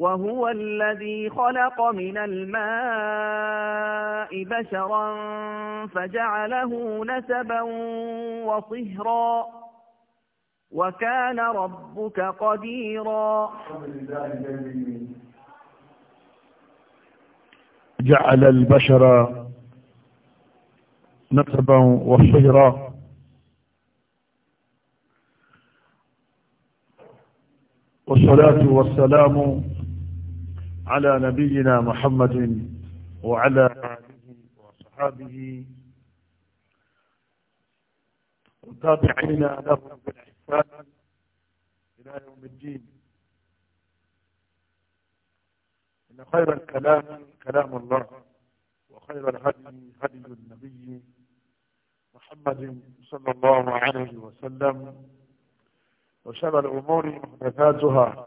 وهو الذي خلق من الماء بشرا فجعله نسبا وصهرا وكان ربك قديرا جعل البشر نسبا وصهرا والصلاة والسلام على نبينا محمد وعلى آله وصحابه وتابعينا له بالإحسان إلى يوم الدين إن خير الكلام كلام الله وخير الهدي هدي النبي محمد صلى الله عليه وسلم وشر الأمور محدثاتها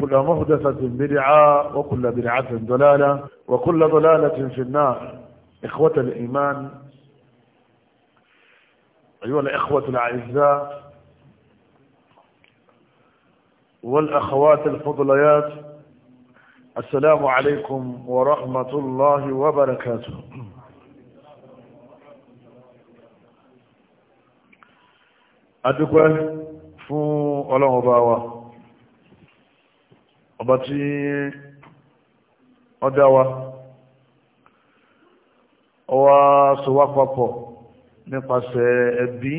كل مهدفة بدعة وكل بدعة ضلالة وكل ضلالة في النار إخوة الإيمان أيها الإخوة الأعزاء والأخوات الفضليات السلام عليكم ورحمة الله وبركاته أدوك فو ألا أباوه ọba tí ọ dá wa ọ wá so wá papọ̀ nípasẹ̀ ẹbí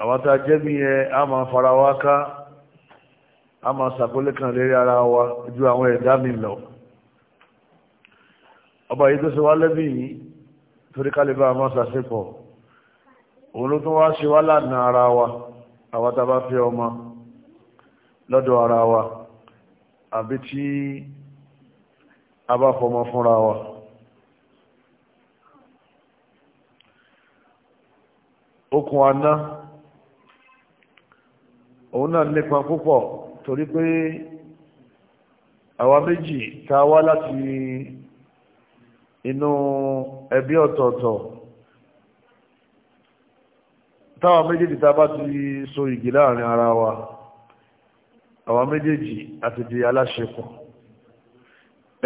àwọn tá a jẹ́bi yẹn a máa fara wá ká a máa sàkólé kan lérí ara wa ju àwọn ẹ̀dá mi lọ ọba yìí tó ṣe wá lẹ́bí yìí torí kálíbà máa ṣàṣepọ̀ òun ló tún wá ṣe wá lánàá ara wa àwọn tá bá fẹ́ ọmọ. lọ́dọ̀ ara wa àbí tí a bá fọmọ fúnra wa okùn aná òun náà nípa púpọ̀ torí pé àwa méjì ta wá láti inú ẹbí ọ̀tọ̀ọ̀tọ̀ táwa méjèèjì ta bá ti so igi láàrin ara wa. àwọn méjèèjì àti di aláṣepọ̀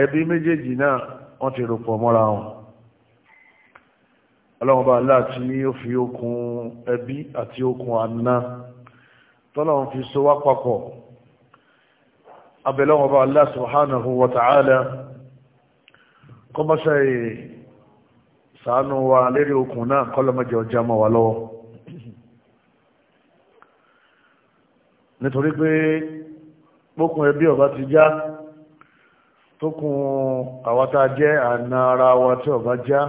ẹbí méjèèjì náà wọ́n ti ròpọ̀ mọ́ra wọn ọlọ́run bá láti ní ó fi okùn ẹbí àti okùn àná tọ́lọ́run fi so wá papọ̀ abẹ́lọ́run bá Allah subhanahu wa ta'ala kọ́mọ́sẹ̀ sàánú wa lérí okùn náà kọ́lọ́mọ́jẹ ọjà mọ́ wa lọ́wọ́ nítorí pé bókun ẹbí ọba ti já tókun àwátá jẹ́ àna ara wa tí ọba já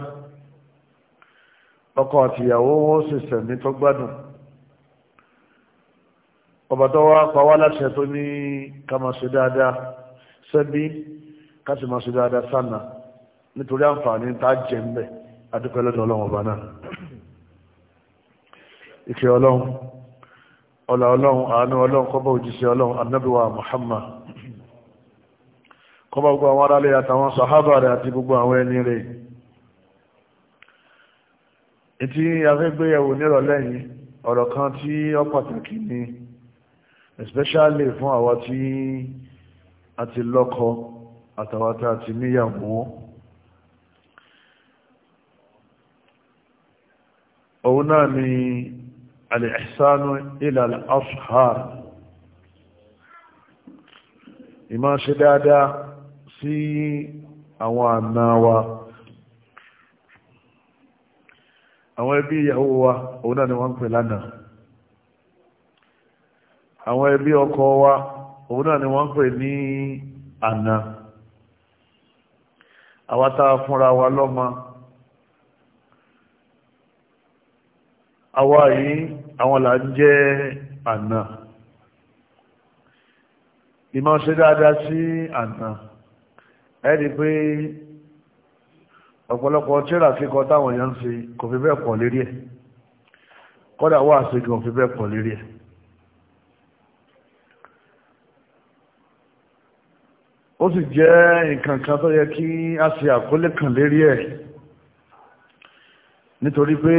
ọkọ àtìyàwó wọn sì sẹ̀mí tó gbádùn ọba tó wá pa wá láṣẹ tó ní ká máa dáadáa sẹ́bí ká máa ṣe dáadáa sánà nítorí àǹfààní tá jẹ́ ń bẹ̀ adúpẹ́ ọlọ́run ọba náà ìkẹ́ ọlọ́run ọlá ọlọ́run àánú ọlọ́run kọ́bọ̀ òjíṣẹ́ ọlọ́run annabuwa muhammad kọ́bọ̀ gbogbo àwọn aráalé àtàwọn sàhábà rẹ̀ àti gbogbo àwọn ẹni rẹ̀ ìtí afẹ́gbéyẹ̀wò nírọ̀lẹ́ ọ̀rọ̀ kan tí ó pàtàkì ni especially fún àwa tí a ti lọ́kọ àtàwa tá a ti níyàwó òun náà ni al-ihsanu ila al-ashar ìmá ṣe dáadáa sí àwọn wa ebi ìyàwó wa òun náà ni wọ́n ń pè lánàá àwọn ẹbí ọkọ wa òun ni wọ́n ń pè ní fúnra wa lọ́mọ àwa yìí àwọn là ń jẹ́ àna ìmọ̀ ṣe dáadáa sí àna ẹni pé ọ̀pọ̀lọpọ̀ tíra fi kọ táwọn èèyàn ṣe kò fi bẹ́ẹ̀ pọ̀ lérí ẹ̀ kọ́dà wà sí kò fi bẹ́ẹ̀ pọ̀ lérí ẹ̀ ó sì jẹ́ nǹkan kan tó yẹ kí a ṣe àkólé kan lérí ẹ̀ nítorí pé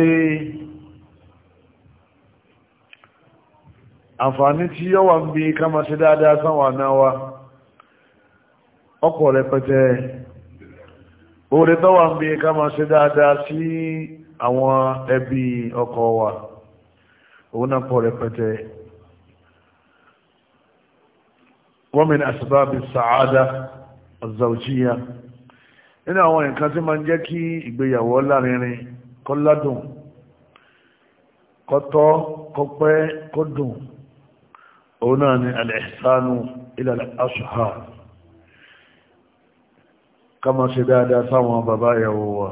àǹfààní tí yọ́ wà ń bí ká máa ṣe dáadáa sáwọn àná wa ọkọ̀ rẹpẹtẹ oore tó wà ń bí ká máa ṣe dáadáa sí àwọn ẹbí ọkọ wa òun náà pọ̀ rẹpẹtẹ wa min asbab as-sa'ada az-zawjiyya nínú àwọn nǹkan tí máa ń jẹ́ kí ìgbéyàwó lárinrin kó ládùn kó tọ́ kó òun náà ni alẹ́sánú ilẹ̀ aṣùhà ká máa ṣe dáadáa sáwọn bàbá ìyàwó wa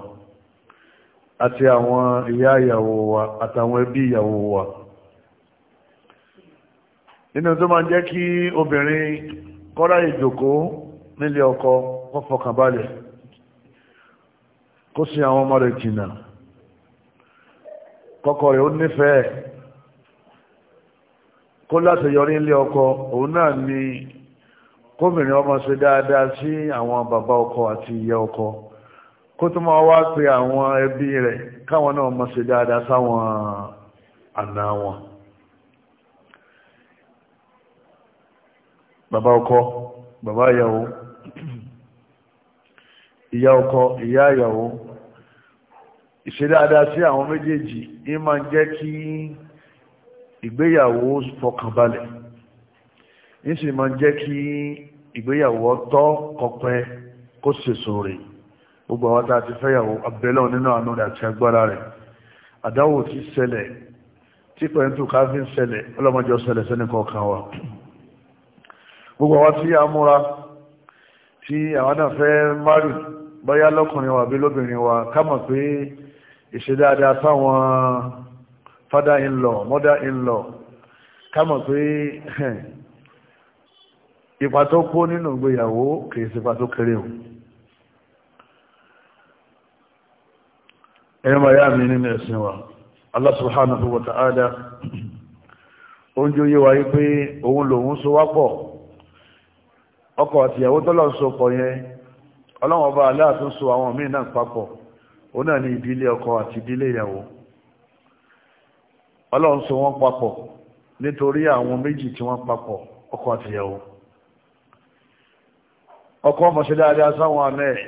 àti àwọn ìyá ìyàwó wa àtàwọn ẹbí ìyàwó wa nínú tó máa jẹ́ kí obìnrin kọ́ra ìjòkó nílé ọkọ kó fọkànbalẹ̀ kó sí àwọn ọmọ rẹ̀ jìnnà kọ́kọ́ rẹ̀ ó nífẹ̀ẹ́ kó láṣeyọrí ilé ọkọ òun náà ni kómìnrin ọmọ ṣe dáadáa sí àwọn bàbá ọkọ àti ìyá ọkọ kó tó máa wá pe àwọn ẹbí rẹ̀ káwọn náà mọ̀ ṣe dáadáa sáwọn àna wọn bàbá ọkọ bàbá ìyàwó ìyá ọkọ ìyá ìyàwó ìṣe dáadáa sí àwọn méjèèjì ní máa jẹ́ kí ìgbéyàwó fọkànbalẹ̀ ní sì máa ń jẹ́ kí ìgbéyàwó ọtọ́ kọpẹ́ kó sèso rẹ̀ gbogbo àwọn tá a ti fẹ́yàwó abẹ́lẹ̀ nínú àánú rẹ̀ àti agbára rẹ̀ àdáwò ti ṣẹlẹ̀ tí pẹ̀lú káfíń ṣẹlẹ̀ ọlọ́mọdé ọ̀ṣẹlẹ̀ sẹ́ni kọ̀ọ̀kan wa gbogbo àwọn tí a múra tí àwọn náà fẹ́ márì báyá lọ́kùnrin wa àbí lóbìnrin wa ká pé ìṣe dáadáa sáwọn father-in-law mother-in-law ká mọ̀ pé ipa to kó ninu ìgbéyàwó kìí sí ipa tó kéré o ẹ̀yọ́ ma yá mi nínú ẹ̀sìn wa Allah subhanahu wa ta'ala oúnjẹ so wapọ. ọkọ ati ìyàwó tọ́lọ̀ ń so yẹn ọlọ́wọ́n bá so àwọn míì náà papọ̀ náà ìdílé ọkọ àti ìdílé ìyàwó ọlọ́run so wọ́n papọ̀ nítorí àwọn méjì tí wọ́n papọ̀ ọkọ àtìyàwó ọkọ ọmọ ṣe dáadáa sáwọn àna ẹ̀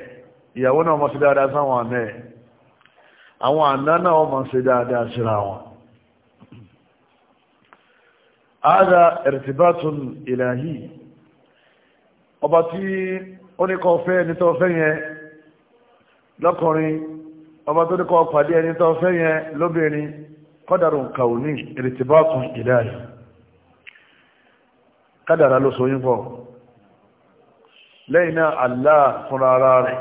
ìyàwó náà ọmọ ṣe dáadáa sáwọn àna ẹ̀ àwọn àna náà ọmọ ṣe dáadáa síra wọn ààrẹ ẹ̀rẹ̀tìbátún ìlàhí ọba tí ó ní kọ́ fẹ́ ẹni tó fẹ́ yẹn lọ́kùnrin ọba tó ní kọ́ pàdé ẹni tó fẹ́ yẹn lóbìnrin qadarun kauni irtibatun ilahi kádàrà ló so yínfọ́ lẹ́yìn náà Allah fúnra ara rẹ̀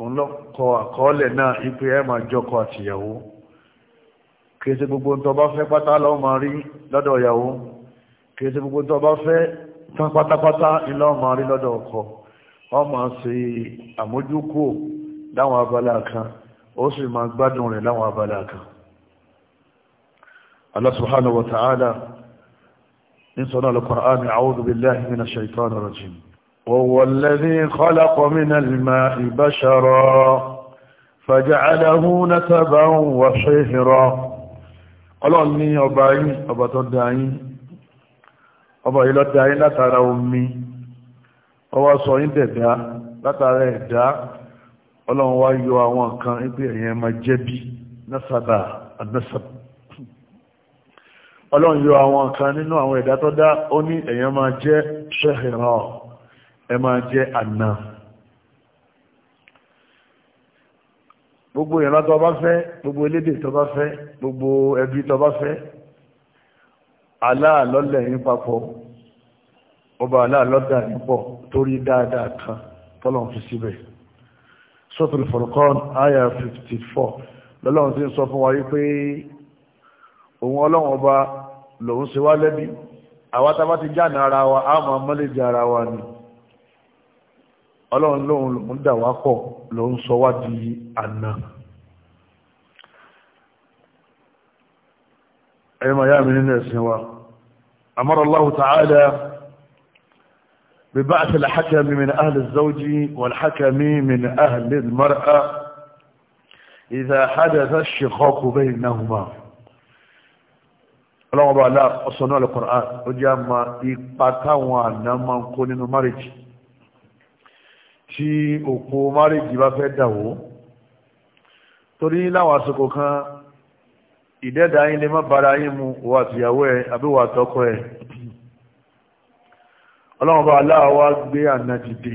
òun lọ kọ àkọọ́lẹ̀ náà ipé ẹ máa jọkọ àtìyàwó kèsì gbogbo tó bá fẹ́ pátá lọ máa rí lọ́dọ̀ ìyàwó kèsì gbogbo tó bá fẹ́ tán pátápátá ilọ́ máa rí lọ́dọ̀ ọkọ ọ máa ṣe àmójúkò láwọn abala kan ó sì máa gbádùn rẹ̀ láwọn abala kan Allah subhanahu wa ta'ala ń sọ náà al-Qur'an a'udhu billahi minash shaitanir rajim وهو الذي خلق من الماء بشرا فجعله نسبا وشهرا ọlọ́run ní ọba yìí ọba tó dá yín ọba yìí ló dá yín látara omi ọwá sọ yín dẹ̀dá látara ẹ̀dá ọlọ́run wá yọ àwọn kan ní pé ẹ̀yẹn ma jẹ́ bí nasaba anasaba ọlọ́run yọ àwọn kan nínú àwọn ẹ̀dá tó dá ó ní èyàn máa jẹ́ ṣẹ́hìrán ẹ máa jẹ́ àná gbogbo ìran bá fẹ́ gbogbo elédè tó bá fẹ́ gbogbo ẹbí tó bá fẹ́ aláàlọ́lẹ̀ yín papọ̀ ọba aláàlọ́dà yín pọ̀ torí dáadáa kan tọ́lọ̀ fi síbẹ̀ sọ́tùlù fọ̀rọ̀kọ́n àyà 54 lọ́lọ́run ti ń sọ fún wa wípé òun ọlọ́run ọba lòun ṣe wá lẹ́bí àwa tá a bá ti jáàna ara wa a máa mọ́lẹ́jì ara wa ni ọlọ́run lòun lòun dà wá lòun sọ wá di àná. ẹ̀yin yá mi nínú ẹ̀sìn wa amara Allahu ta'ala ببعث الحكم من أهل الزوج والحكم من أهل المرأة إذا حدث الشقاق بينهما ọlọ́wọ́n bá aláà ọ̀sán náà lọ́kọ̀ọ́rán ó jẹ́ àmà ipa táwọn àná máa ń kó nínú márìjì tí òpó márìjì bá fẹ́ dàwó torí láwọn àsìkò kan ìdẹ́dà yín lè má bára yín mu wà àtìyàwó ẹ̀ àbí wà àtọkọ ẹ̀ ọlọ́wọ́n bá aláà wá gbé àná dìde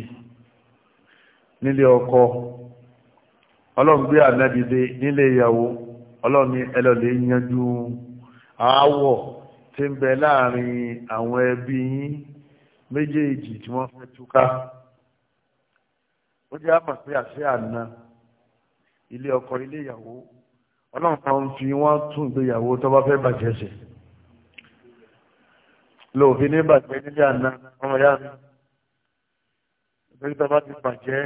nílé ọkọ ọlọ́run gbé àná dìde nílé ìyàwó ọlọ́run ni ẹlọ́lẹ̀ yanjú aáwọ̀ tí ń bẹ láàrin àwọn ẹbí yín méjèèjì tí wọ́n fẹ́ túká ó jẹ́ àmọ̀ pé àṣẹ àná ilé ọkọ ilé ìyàwó ọlọ́run kan fi wọ́n tún ìgbéyàwó tó bá fẹ́ bàjẹ́ ṣe lòfin ní bàjẹ́ nílé àná ọmọ yá mi tó bá ti bàjẹ́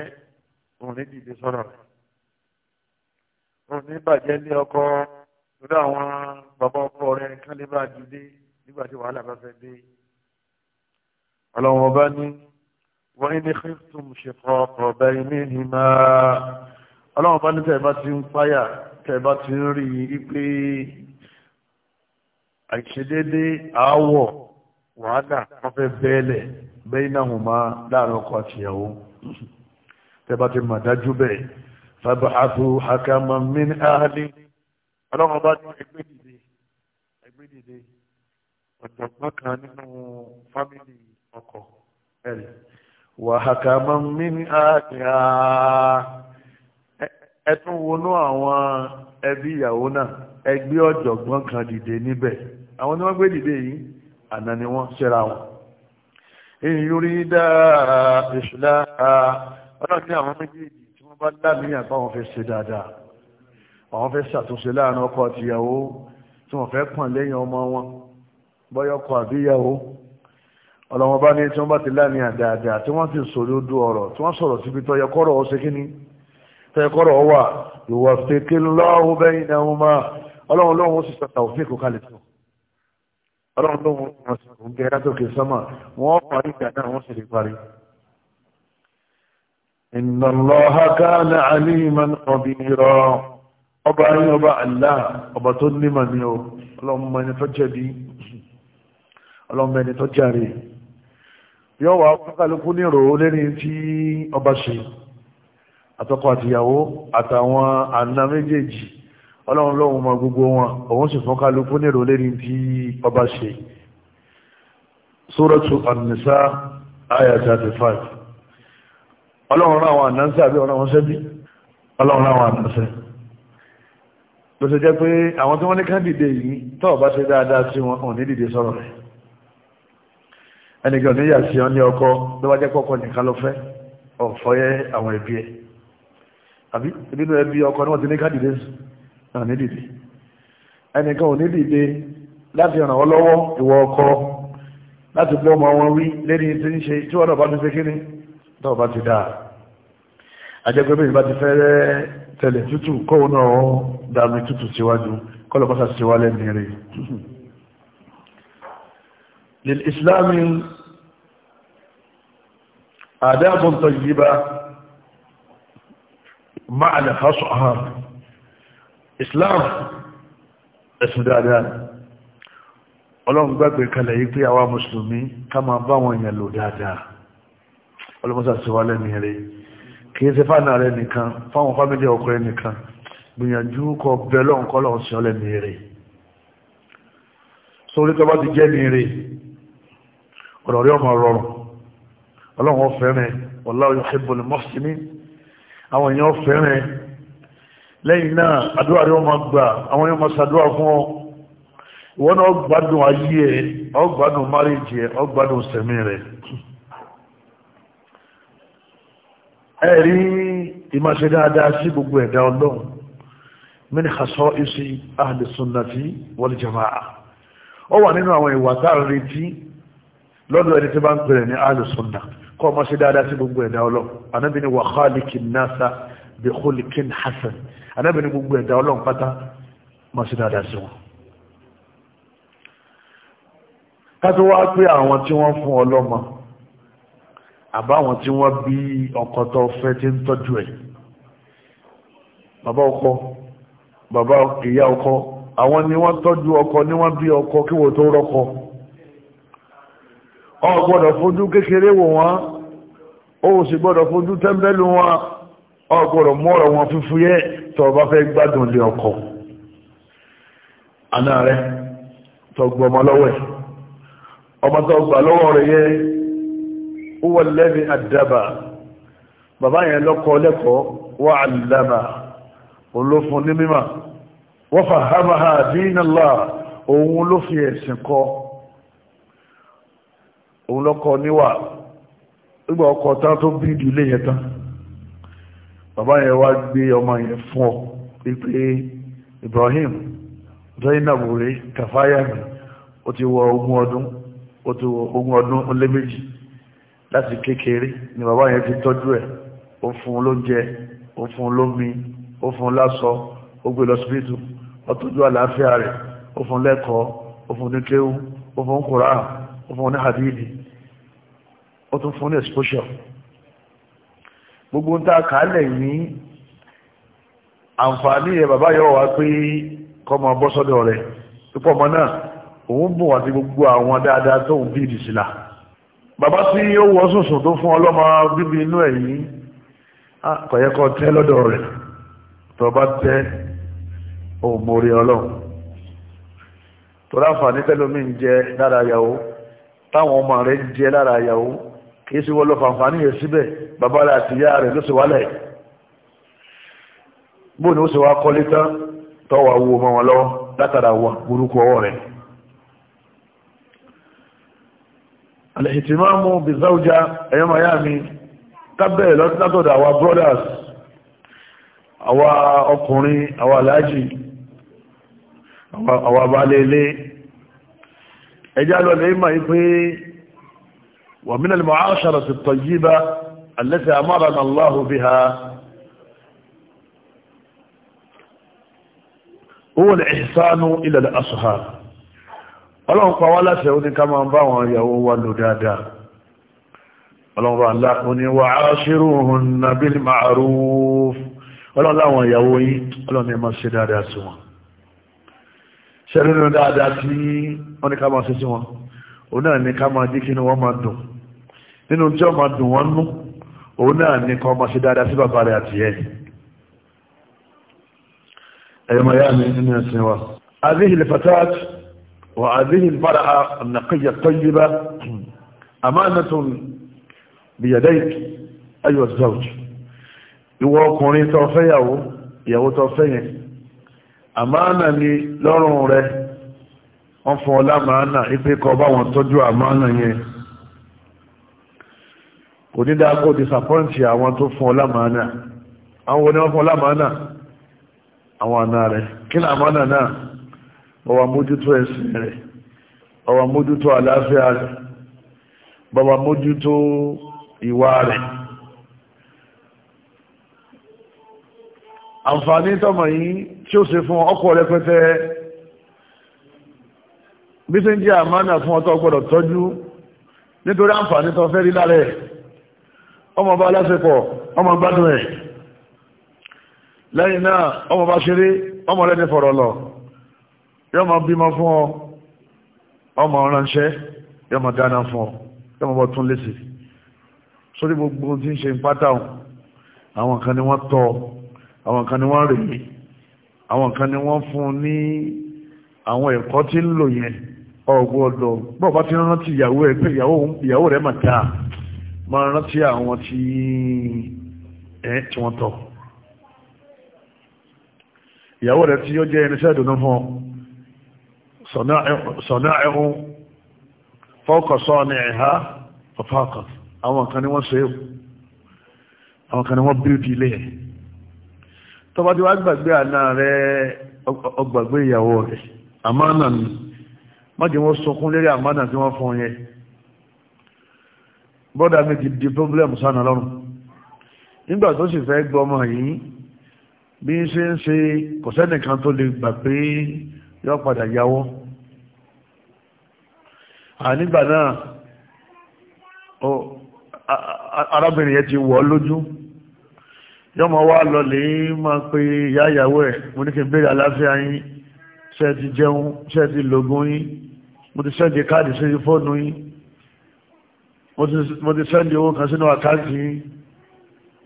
òun ní dìde sọ̀rọ̀ òun ní bàjẹ́ ilé ọkọ lórí àwọn bàbá ọkọ rẹ̀ kán lè bá ju dé nígbà tí wàhálà bá fẹ́ dé ọlọ́run ọba ní wọ́n ní kírísítùm ṣe fọ́ ọ̀bẹ ilé ní máa ọlọ́run ọba ní tẹ̀ bá ti ń páyà tẹ̀ bá ti ń rí i pé àìṣedédé àáwọ̀ wàhálà wọ́n fẹ́ bẹ́ẹ̀lẹ̀ bẹ́ẹ̀ náà wọ́n máa láàrin ọkọ àti ìyàwó bá ti mà dájú bẹ́ẹ̀ fàbàtú hakama min ahli ọlọ́run ọba ní ẹgbẹ́ dé ọ̀jọ̀gbọ́n kan nínú fámìlì ọkọ ẹ̀rẹ̀ wàhákàmọ́ mímí àkìá ẹ tún wọnú àwọn ẹbí ìyàwó náà ẹgbẹ́ ọ̀jọ̀gbọ́n kan dìde níbẹ̀ àwọn ni wọ́n gbé dìde yìí àná ni wọ́n ṣẹ́ra wọn ìyúrídà ìṣúlá ọlọ́dún àwọn méjèèjì tí wọ́n bá dábìí àpá wọn fẹ́ ṣe dáadáa àwọn fẹ́ ṣàtúnṣe láàrin ọkọ àtìyàwó tí wọ́n fẹ́ pọ̀n lẹ́yìn ọmọ wọn bọ́yọ́kọ àbíyàwó ọlọ́wọ́n bá ní tí wọ́n bá ti láàrin àdáadáa tí wọ́n ti sọ̀rọ̀ odò ọ̀rọ̀ tí wọ́n sọ̀rọ̀ síbi tọ́yọkọ́rọ̀ ọ ṣe kíní tọ́yọkọ́rọ̀ ọ wà ìwà fèké lọ́wọ́ bẹ́yìn náà wọ́n máa ọlọ́run lọ́wọ́ sì sọ̀tà òfin kò kalẹ̀ tó ọlọ́run lọ́wọ́ wọn ọba ayé ọba Allah ọba tó nímọ̀ ní o ọlọ́mọ ẹni tó jẹ̀bi ọlọ́mọ ẹni tó jàre yọ wà kálukú ní ìrò lẹ́ni tí ọba ṣe àtọkọ àtìyàwó àtàwọn àna méjèèjì ọlọ́run lọ́wọ́ ma gbogbo wọn òun sì fún kálukú ní ìrò lẹ́ni tí ọba ṣe Suratu An-Nisa 35 ọlọ́run ráwọn ànánsẹ́ àbí ọ̀rọ̀ wọn sẹ́bí ọlọ́run ráwọn ànánsẹ́ ló ṣe jẹ́ pé àwọn tí wọ́n ní ká dìde yìí tọ́ bá ṣe dáadáa sí wọn ò ní dìde sọ̀rọ̀ rẹ̀ ẹnìkan níyà sí ọ ní ọkọ ló wá jẹ́ kọ́kọ́ nìkan ló fẹ́ ọ̀fọ́yẹ́ àwọn ẹbí ẹ̀ àbí nínú ẹbí ọkọ ni wọ́n ti ní ká dìde náà ní dìde ẹnìkan ò ní dìde láti ràn wọ́n lọ́wọ́ ìwọ ọkọ láti bọ́ ọmọ wọn wí lẹ́ni tí ń ṣe tí wọ́n náà bá ti ṣe kíní tọ́ bá ti dáa àjẹgbẹ́ bá tẹ̀lẹ̀ tútù kọ́wọ́ náà dàmì tútù síwájú kọ́lọ̀pọ́sà síwálẹ̀ ní rẹ̀ lil islami adabun tayyiba ma'ala hasu'a islam ẹ̀sùn dáadáa ọlọ́run gbàgbé kalẹ̀ yìí pé àwa mùsùlùmí ká máa bá wọn èèyàn lò dáadáa ọlọ́pọ́sà síwálẹ̀ ní rẹ̀ kìí ṣe fáànà rẹ nìkan fáwọn fámílì ọkọ rẹ nìkan gbìyànjú kọ bẹ̀lọ́ ǹkọ́lọ̀ ọ̀sìn ọlẹ̀ ní eré sórí tó bá ti jẹ́ ní eré ọ̀rọ̀ rí ọmọ rọrùn ọlọ́run fẹ́rẹ̀ wallahu yuhibbul muhsinin àwọn èèyàn fẹ́rẹ̀ lẹ́yìn náà àdúrà rí ọmọ gbà àwọn èèyàn máa ṣàdúrà fún ọ ìwọ náà gbádùn ayé ẹ ọ márìjì ẹ ọ sẹ̀mí rẹ̀ ẹ̀rí ìmáṣe dáadáa sí gbogbo ẹ̀dá ọlọ́run mini khasọ́ isi ahli sunnati wal jama'a ó wà nínú àwọn ìwà táà retí lọ́dọ̀ ẹni tí bá ń pèrè ní ahli sunna kọ́ ọmọ ṣe dáadáa sí gbogbo ẹ̀dá ọlọ́run anábì ni wà khalikin nasa bi khulikin hasan anábì ni gbogbo ẹ̀dá ọlọ́run pátá mọ́ dáadáa sí wọn ká tó wá pé àwọn tí wọ́n fún ọlọ́mọ àbáwọn tí wọ́n bí ọkọ tó fẹ́ tí ń tọ́jú ẹ̀ bàbá ọkọ bàbá ìyá ọkọ àwọn ni wọ́n tọ́jú ọkọ ni wọ́n bí ọkọ kí wọ́n tó rọ́kọ o gbọ́dọ̀ fojú kékeré wò wọ́n o sì gbọ́dọ̀ fojú tẹ́ḿbẹ́lú wọn o gbọ́dọ̀ mọ́rọ̀ wọn fífúyẹ́ tó o bá fẹ́ gbádùn lé ọkọ àná rẹ tó gbọmọ lọ́wọ́ ẹ̀ ọmọ tó gbà lọ́wọ́ rẹ̀ yẹ́ huwa alladhi addaba bàbá yẹn lọ́kọ́ lẹ́kọ̀ọ́ wa allama olófun ní mímọ̀ wa fahamaha din Allah òun ló fi ẹ̀sìn òun lọ́kọ́ níwà nígbà tó bí ìdílé yẹn tán gbé ọ Ibrahim mi ti ọdún ti ọdún o láti kékeré ni bàbá yẹn fi tọ́jú ẹ̀ ó fún un lóúnjẹ ó fún un lómi ó fún un láṣọ ó gbé lọ síbítù ó tọ́jú àlàáfíà rẹ̀ ó fún un lẹ́kọ̀ọ́ ó fún un ní kéwú ó fún un kùrán ó fún un ní hadidi ó tún fún un ní exposure gbogbo ń ta kàálẹ̀ ní àǹfààní ẹ̀ bàbá yọ wá pé kọmọ bọ́sọ́dọ̀ rẹ̀ púpọ̀ mọ́ náà òun bùn àti gbogbo àwọn dáadáa tóun bí ìdìsílà bàbá tí ó wọ sùnsùn tó fún ọlọ́mọ bíbí inú ẹ̀ yìí kọ̀yẹ́kọ́ tẹ́ lọ́dọ̀ rẹ̀ tó bá tẹ́ òmòrè ọlọ́run tó láǹfààní tẹ́lómi ń jẹ lára yàwó táwọn ọmọ rẹ̀ ń jẹ lára yàwó kìí sí wọ́n lọ fàǹfààní yẹ síbẹ̀ bàbá rẹ̀ àti ìyá rẹ̀ ló sì wálẹ̀ bóun ni ó sì wá kọ́lé tán tọ́wọ́ àwọ̀ ọmọ wọn lọ́wọ́ látara wọn burúkú ọwọ́ rẹ̀ الاهتمام بزوجة ايام ايامي قبل اتنقض او برولاس او اقوني او الاجي او باليلي اجالوا الايمة يقول ومن المعاشرة الطيبة التي امرنا الله بها هو الاحسان الى الاصهار ọlọ́run pa wá láṣẹ ó ní ká máa bá wọn ìyàwó wa lò dáadáa ọlọ́run bá ńlá ó ní wà á ṣírò ohun nàbí ma'aruf ọlọ́run láwọn ìyàwó yìí ọlọ́run ní máa ṣe dáadáa sí wọn ṣe nínú dáadáa tí wọ́n ní ká máa wọn nú òun náà ní ká máa ṣe dáadáa sí bàbá rẹ̀ àti ẹ̀ ẹ̀yọ́mọ̀ yá mi ẹ̀sìn wa. àbí ìlẹ̀fàtàkì وهذه المرأة النقية الطيبة أمانة بيديك أيها الزوج يوقعني توفيه يو توفيه àmáànà ni lọ́rùn rẹ̀ wọ́n fún ọlá màánà ipé kọ bá wọn tọ́jú àmáànà yẹn kò ní dáa kó disapọ́ǹtì àwọn tó fún ọlá màánà àwọn wo ni wọ́n fún ọlá màánà àwọn àna rẹ̀ kí ni àmáànà náà ọwà mójútó ẹ̀sìn rẹ̀ ọwà mójútó àlàáfíà rẹ̀ bàbá mójútó ìwà rẹ̀ àǹfààní tọ́mọ̀ yìí tí ó ṣe fún ọkọ̀ rẹpẹtẹ bí tí ń jẹ́ àmánà fún ọtọ́ gbọ́dọ̀ tọ́jú nítorí àǹfààní tó fẹ́ rí lálẹ́ ọmọ bá lásìpọ̀ ọmọ gbádùn ẹ̀ lẹ́yìn náà ọmọ bá ṣeré ọmọ rẹ̀ ní fọ̀rọ̀ lọ yọ ma bímọ fún ọ ọmọ ránṣẹ́ yọ ma dáná fún ọ yọ ma bọ tún lẹsẹ sórí gbogbo tí ń ṣe ń pátá o àwọn kan ni wọ́n tọ́ àwọn kan ni wọ́n rè mí àwọn kan ni wọ́n fún ní àwọn ẹ̀kọ́ tí ń lò yẹn ọgbọ ọdọ bọ bá ti rántí ìyàwó ẹ pé ìyàwó rẹ mà dáa máa rántí àwọn tí ẹ tí wọ́n tọ́ ìyàwó rẹ tí ó jẹ́ irinṣẹ́ ìdùnnú fún ọ sọ̀nàẹ̀hún fọ́kọ̀ sọ́ọ̀nì ẹ̀há ọ̀fọ́kọ̀ àwọn kan ni wọ́n ṣe é àwọn kan ni wọ́n bíúdì ilé ẹ̀ tọba tí wá gbàgbé àná rẹ ọgbàgbé ìyàwó rẹ̀ àmánà ni májè wọ́n sọkún lérí àmánà tí wọ́n fún yẹn bọ́dà mi ti di problem sánà lọ́rùn nígbà tó sì fẹ́ gbọ́ ọmọ yìí bí ń ṣe ń ṣe kò sẹ́nìkan tó lè gbà pé yọ padà yàwó ànígbà náà arábìnrin yẹn ti wọ́ lójú yọ́mọ wá lọ lè máa pe ìyá ìyàwó ẹ̀ mo ní kí n béèrè àlàáfíà yín ṣe ti jẹun ṣe ti lògùn yín mo ti sẹ́ndì káàdì sí fóònù yín mo ti sẹ́ndì owó kan sínú àkáǹtì yín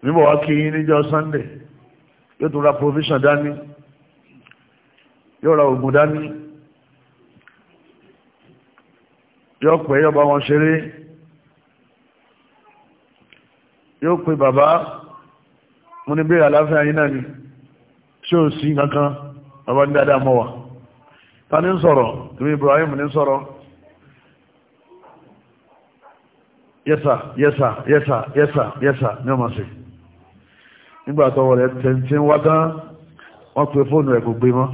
níbọ̀ wá kí yín níjọ́ Sunday yóò tún ra provision dání yóò ra oògùn dání yóò pè yóò bá wọn ṣeré yóò pè bàbá mo ní bèèrè àláfíà yín náà ni tí ó sí kankan bàbá ní dáadáa mọ́ wa ta ní sọ̀rọ̀ tìmí Ibrahim ní sọ̀rọ̀ yẹ́sà yẹ́sà yẹ́sà yẹ́sà yẹ́sà ní ọmọ sí nígbà tọwọ́ rẹ̀ tẹ̀ntẹ́ wá tán wọ́n pe fóònù ẹ̀ kò gbé mọ́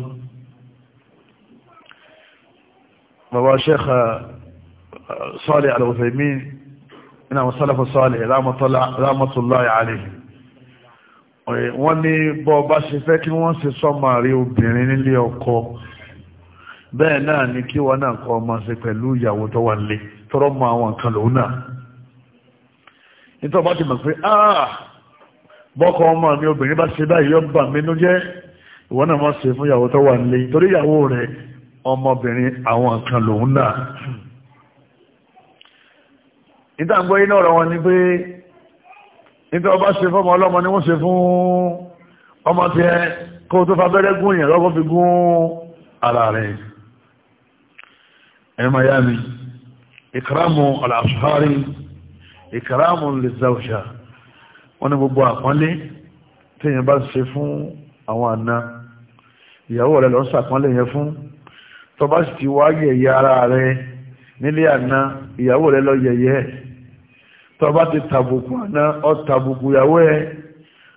bàbá Sheikh sọ́ọ̀lẹ̀ alùfẹ̀mí nínú àwọn sọ́lẹ̀fọ́ sọ́ọ̀lẹ̀ rámọ́tọ́láyà àlèyìn wọ́n ní bọ́ bá ṣe fẹ́ kí wọ́n ṣe sọ́mà rí obìnrin nílé ọkọ bẹ́ẹ̀ náà ni kí wọ́n náà kọ́ ọmọ ṣe pẹ̀lú ìyàwó tó wà lé tọ́rọ mọ àwọn nǹkan lòun náà nítorí bá ti mọ̀ pé ah bọ́kọ ọmọ mi obìnrin bá ṣe báyìí yọ bà mí nú jẹ́ ìwọ náà mọ̀ ṣe fún ìyàwó tó wà lé torí ìyàwó rẹ̀ ọmọbìnrin àwọn nǹkan lòun náà ìtàǹgbọ́ iná ọ̀rọ̀ wọn ni pé nítorí ọba ṣe fọ́mọ ọlọ́mọ ni wọ́n ṣe fún ọmọ tí ẹ kó tó fabẹ́rẹ́ gún yẹn lọ́gbọ́n fi gún ara rẹ̀ ẹ máa yá mi ìkàràmù aláṣùhárí ìkàràmù lẹ́sàwùṣà wọ́n ní gbogbo àpọ́nlé téèyàn bá ṣe fún àwọn àna ìyàwó rẹ̀ lọ́n ṣàpọ́nlé yẹn fún tọ́ba sì ti wáyé ẹ̀yà ara rẹ̀ nílé àna ìyàwó rẹ̀ lọ yẹ̀yẹ́ ẹ̀ tọba ti tàbùkù àná ọ tàbùkù ìyàwó ẹ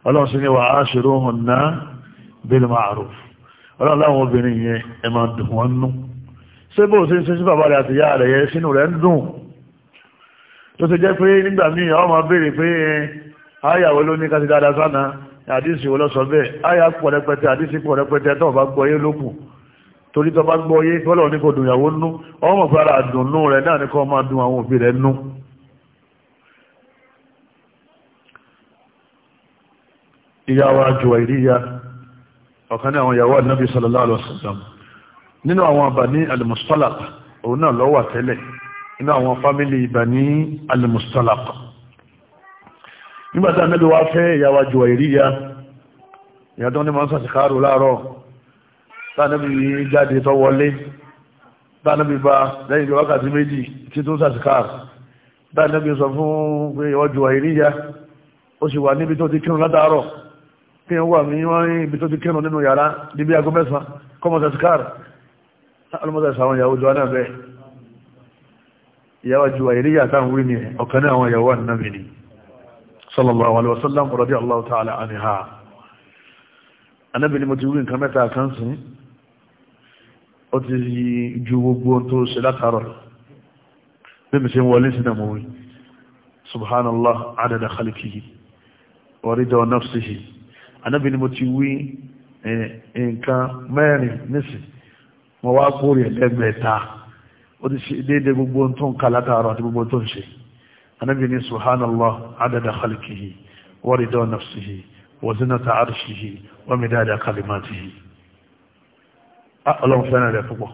ọlọ́run sí ni wà á ṣòro hàn náà bil ma'ruf ọlọ́run láwọn obìnrin yẹn ẹ máa dùn wọ́n nú ṣé bó ṣe ń ṣe sí bàbá rẹ̀ àti ìyá rẹ̀ yẹn sínú rẹ̀ ń dùn tó ṣe jẹ́ pé nígbà míì ọ máa béèrè pé ayàwó ló ní ká dáadáa sánà àdíṣì wo lọ sọ bẹ́ẹ̀ ayà pọ̀ rẹpẹtẹ àdíṣì pọ̀ rẹpẹtẹ tó bá gbọ́ yé lókù torí tó bá gbọ́ yé kọ́lọ̀ ní kò dùn ìyàwó nú ọmọ gbára dùn nú rẹ̀ náà ní kọ́ máa dùn àwọn òbí rẹ̀ nú ìyàwó Juwairiya ọ̀kan náà àwọn ìyàwó ànábì sallallahu alaihi wasallam nínú àwọn Bani al-Mustalaq òun náà lọ́wà tẹ́lẹ̀ nínú àwọn fámílì Bani al-Mustalaq nígbàtà ànábì wá fẹ́ ìyàwó Juwairiya ìyàtọ̀ ní mọ́sán ṣìkáàrù láàárọ̀ tánàbí jáde tó wọlé tánàbí bá lẹ́yìn ìjọ wákàtí méjì tí tó ṣàṣìkáàrù níbi tó ti kí wọ́n wà ní wọ́n ní ibi tó ti kírun nínú yàrá níbi aago mẹ́sàn-án kọ́mọ̀tà sikar alọ́mọ̀tà sàwọn ìyàwó jọ náà bẹ́ẹ̀ ìyàwó ju àìríyà táwọn wí ni ọ̀kan náà àwọn ìyàwó ànábì ni sallallahu alaihi wasallam radiyallahu ta'ala anha ànábì ni mo ti wí nǹkan mẹ́ta kan sìn ó wa nafsihi anábì ni mo ti wí nǹkan mẹ́rin nísìn mo wá kórè lẹ́gbẹ̀ẹ́ta ó ti ṣe déédéé gbogbo tó ń ka látàárọ̀ àti gbogbo tó ń ṣe anábì ni subhanallah adada khalqihi wa rida nafsihi wa zinata arshihi wa midada kalimatihi ah, ọlọ́run fẹ́ràn rẹ̀ púpọ̀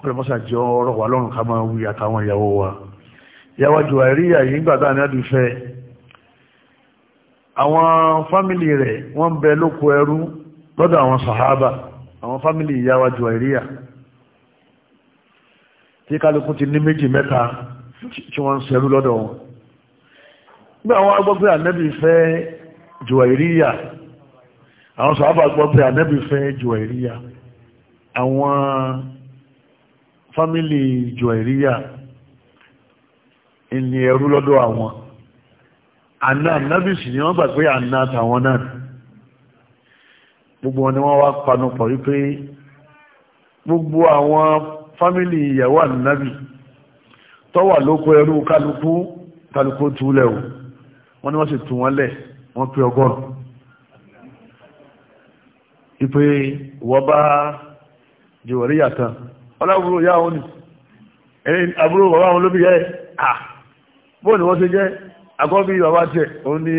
kọ́lẹ̀ mọ́sà jẹ́ ọ̀rọ̀ wà lọ́rùn ká máa wí àtàwọn ìyàwó wa ìyàwó àìríyà yìí ń gbàdá ní àdúfẹ́ àwọn fámìlì rẹ̀ wọ́n ń bẹ lóko ẹrú lọ́dọ̀ àwọn sàhábà àwọn fámìlì ìyáwá Juwairiya tí kálukú ti ní méjì mẹ́ta tí wọ́n ń ṣẹrú lọ́dọ̀ wọn nígbà àwọn agbọ́gbé ànẹ́bì fẹ́ Juwairiya àwọn sàhábà gbọ́gbé ànẹ́bì fẹ́ Juwairiya àwọn fámìlì Juwairiya ìní ẹrú lọ́dọ̀ àwọn àna ànábìsì ni wọ́n gbà pé àna àtàwọn náà gbogbo wọn ni wọ́n wá panu pọ̀ wípé gbogbo àwọn fámìlì ìyàwó ànábì tọ́wà lóko ẹrú kálukú kálukú túlẹ̀ o wọ́n ni wọ́n sì tù wọ́n lẹ̀ wọ́n pé ọgọ́rùn ipe wọ́n bá jùwọ̀rí yàtọ̀ ọlábúrò yá òun ni àbúrò bàbá àwọn olóbìyẹ́ à bóò ni wọ́n ṣe jẹ́ àkọ́bí bàbá tẹ̀ ó ah! ní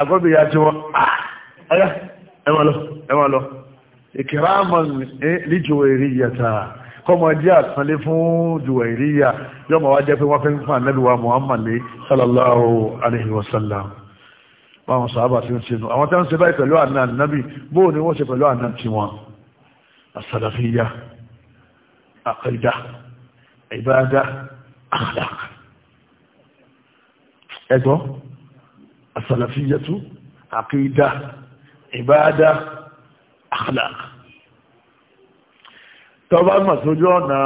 àkọ́bí ya ti wọn ọ̀yá ẹ̀wọ̀n lọ ẹ̀wọ̀n lọ ìkìrámọ̀ ní jùwẹ̀ríyà tàà kọmọ jẹ́ àtàlẹ́ fún jùwẹ̀ríyà yọmọ wá jẹ́ pé wọ́n fẹ́ ń fà nẹ́bíwá Muhammad sallallahu alaihi wasallam báwọn sàábà tí ó ti nù àwọn tán ṣe báyìí pẹ̀lú àná nábì bóò ni wọ́n ṣe pẹ̀lú àná tí wọn asàlàfíyà àkídà ìbádà ẹgbọ́ asàlàfíyàtú àkídà ìbáadà akhlaq tọba mọ̀ sójú ọ̀nà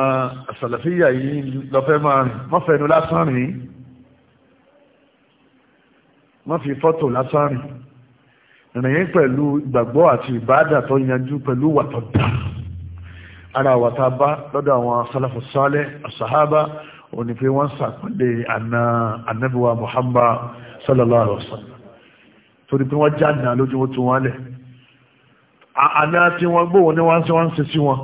asàlàfíyà yìí lọ́fẹ́ máa rìn mọ́fẹ́nu lásán rìn wọ́n fi fọ́tò lásán rìn ìrìnyìn pẹ̀lú ìgbàgbọ́ àti ìbáadà tó yanjú pẹ̀lú wàtọ̀ dá ara wàtá bá lọ́dọ̀ àwọn asàlàfù sálẹ̀ onífẹ́ wọ́n sàpẹ́lẹ̀ ànábíwá Muhammad sallallahu alaihi wasallam torí pé wọ́n jáàdìnà lójú ó tún wọ́n lẹ̀ àná tí wọ́n gbóhùn ní wọ́n sí wọ́n sí sí wọn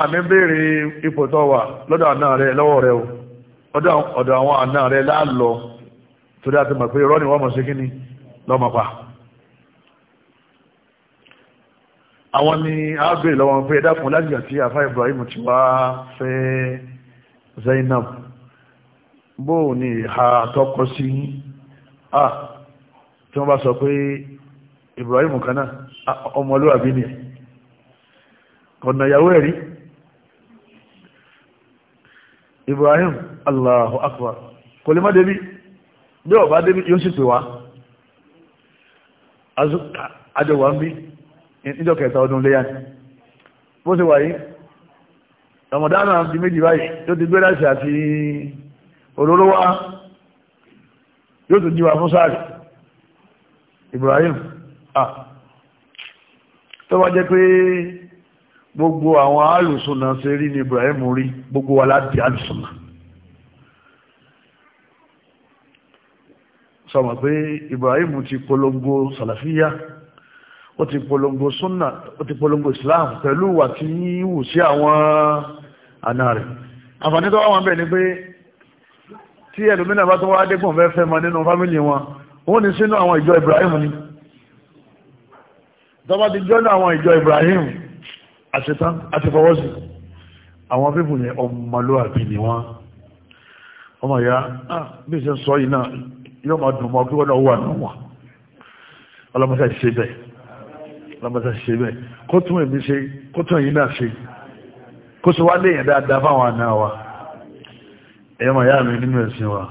àmì béèrè ipò tó wà lọ́dọ̀ àná lọ́wọ́ o ọ̀dọ̀ àwọn àná rẹ̀ láàlọ́ torí àti mọ̀ pé irọ́ wọ́n mọ̀ àwọn ni a bèèrè lọ́wọ́ pé ẹ̀dá fún láti àfá Ibrahim ti wá fẹ́ Zainab bóò ni ìhà tọ́kọ sí à tí wọ́n bá sọ pé Ibrahim kaná ọmọlúwàbí ni ọ̀nà ìyàwó ẹ̀rí Ibrahim Allahu Akbar kò lè má débi bí ọba débi yóò sì pè wá àjọwà ń bí níjọ́ kẹta ọdún léyà bó ṣe wà yìí ọmọdánà di méjì báyìí tó ti gbé láṣẹ àti òróró wá yóò tún jíwa fún sáàrì Ibrahim ah tó bá jẹ́ pé gbogbo àwọn alùsùnà ṣe rí ní Ibrahim rí gbogbo wa láti alùsùnà sọmọ pé Ibrahim ti polongo sàlàfíyà ó ti polongo súnà ó ti polongo islam pẹ̀lú wà tí wù sí àwọn àna rẹ̀ àǹfààní tó wà bẹ̀ ni pé tí ẹlòmínà bá tó wá dẹ́kùn fẹ́ fẹ́ mọ nínú fámìlì wọn wọ́n ní sínú àwọn ìjọ Ibrahim ni tọ́ba ti jọ́nà àwọn ìjọ Ibrahim àṣetán àti fọwọ́sí àwọn fífù yẹn ọmọlúwàbí ni wọ́n ọmọ ìyá ah, bí ṣe ń sọ yìí náà yóò máa dùn mọ́ kí wọ́n náà wà náà wà ọlọ́mọṣẹ́ ti ṣe bẹ́ẹ̀ lọ́mọdé ṣe bẹ́ẹ̀ kó tún èmi ṣe kó tún èyí náà ṣe kó sì wá léèyàn dáadáa fáwọn àna wa ẹ̀yọ́ màá yá mi nínú ẹ̀sìn wa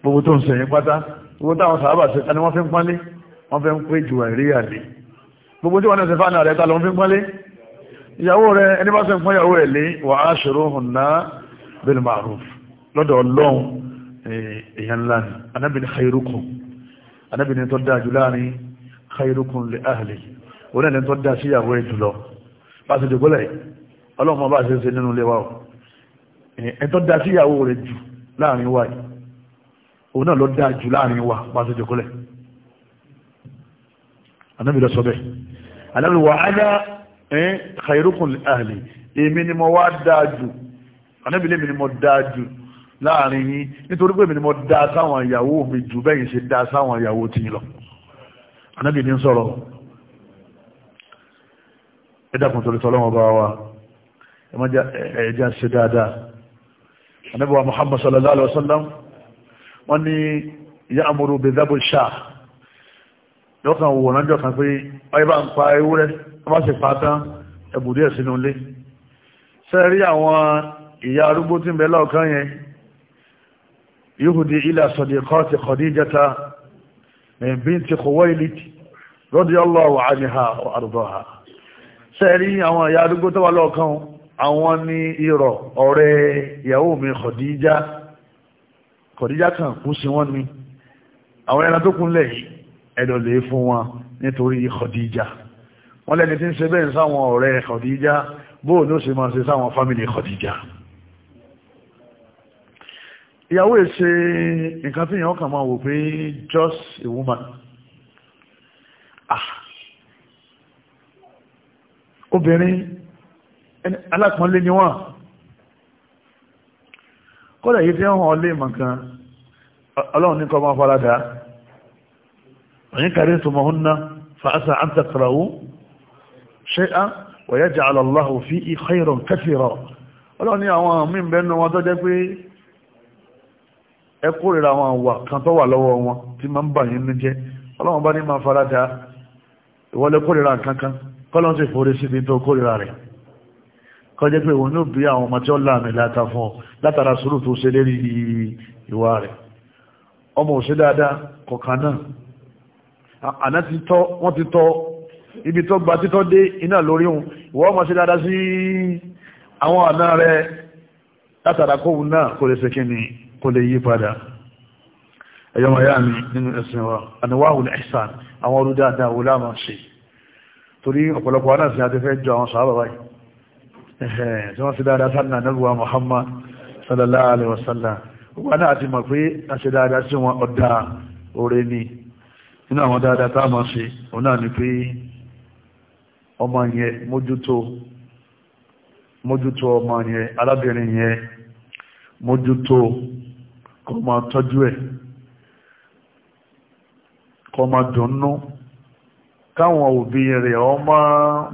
gbogbo tó ń sọ yẹn pátá gbogbo táwọn sàábà ṣe ta ni wọ́n fi ń pánlé wọ́n fi ń pé jù àìríyà lé gbogbo tí wọ́n náà ṣe fáwọn àrẹ ta ló ń fi ń pánlé ìyàwó rẹ ẹni bá ṣe ń pán ìyàwó ẹ̀ lé wa ashiruhunna bil ma'ruf lọ́dọ̀ ọlọ́run eh, ni anábìnrin khairukum anábìnrin tó dáa jù khairukum li ahlihi òun ẹni tó dá síyàwó ẹ̀ jùlọ bá ti dìgbọ́lẹ̀ ọlọ́mọ bá ṣe ṣe nínú ilé wa ẹ̀ tó dá síyàwó rẹ̀ jù láàrin wa yìí òun náà ló dá jù láàrin wa bá ti dìgbọ́lẹ̀ anábì lọ sọ bẹ́ẹ̀ anábì wà á dá khairukum li ahli èmi ni mo wá dá jù anábì lèmi ni mo dá jù láàrin yín nítorí pé èmi ni mo dá sáwọn ìyàwó mi jù bẹ́yìn ṣe dá sáwọn ìyàwó ti lọ anábì ní sọ̀rọ̀ ẹ̀dàkùn torí tọ́lọ́wọ́ bá wa ẹ̀já ṣe dáadáa anábì wa Muhammad sallallahu alaihi wasallam wọ́n ní ya'muru bi dhabu shah lọ́kàn wò ránjọ́ kan pé ọyẹ́ bá ń pa ewúrẹ́ wọ́n bá sì pa tán ẹ̀bùdí ẹ̀ sínú ilé sẹ́rí àwọn ìyá arúgbó tí ń bẹ lọ́ọ̀kan yẹn yíhùdí ilà sọ̀dẹ̀kọ́ ti Khadijata bíntì Khuwailid radiyallahu anha àrùbọ̀há sẹ́rí àwọn ìyá arúgbó tó wà lọ́ọ̀kan àwọn ní irọ̀ ọ̀rẹ́ ìyàwó mi Khadija Khadija kan kú sí wọ́n ni àwọn ẹran tó kúnlẹ̀ ẹ̀dọ̀ lè fún wọn nítorí Khadija wọ́n lẹ́ni tí ń ṣe bẹ́ẹ̀ sáwọn ọ̀rẹ́ Khadija bóò ní ó máa ṣe sáwọn fámìlì Khadija ìyàwó èṣe nǹkan tí èèyàn kàn máa wò pé just a woman ah obìnrin alápọ̀nlé ni wọ́n kọ́lá yìí fi ń hàn ọlé ìmọ̀kan ọlọ́run ní kọ́ máa farada òyìn kàrí túnmọ̀ hún ná fa'asa an takrahu shay'an wa yaj'al Allahu fihi khayran kathira ọlọ́run ní àwọn mí ẹ kórìíra àwọn àwà kan tó wà lọ́wọ́ wọn tí máa ń bà yín ní jẹ́ ọlọ́run bá ní máa farada ìwọlé kórìíra kankan kọ́lọ́n sì forí síbi tó kórìíra rẹ̀ kọjẹ́ pé òun yóò bí àwọn ọmọ tí ó láàmì láta fún ọ látara sùúrù tó ṣe lérí ìwà rẹ̀ ọmọ òṣè dáadáa kọ̀ọ̀kan náà àná ti tọ́ wọ́n ti tọ́ ibi tó gba títọ́ dé iná lórí òun ìwọ́ ọmọ sí dáadáa sí àwọn àná rẹ̀ látara kóhun náà kò lè ṣe kí ni kó lè yí padà ẹ̀yọ́ maya mi nínú ẹ̀sìn wa anuwahul ihsan àwọn ọdún dáadáa wo láàmà ṣe torí ọ̀pọ̀lọpọ̀ aláṣẹ àti fẹ́ jọ àwọn sàábà báyìí tí wọ́n sì dáadáa sánà nẹ́lùwà Muhammad sallallahu alaihi wasallam wọ́n náà ti mọ̀ pé àṣẹ dáadáa sí wọn ọ̀dá oore ni ọmọ yẹn alábìnrin yẹn mójútó kó máa tọ́jú ẹ̀ kó máa dùnnú káwọn òbí rẹ̀ ọmọ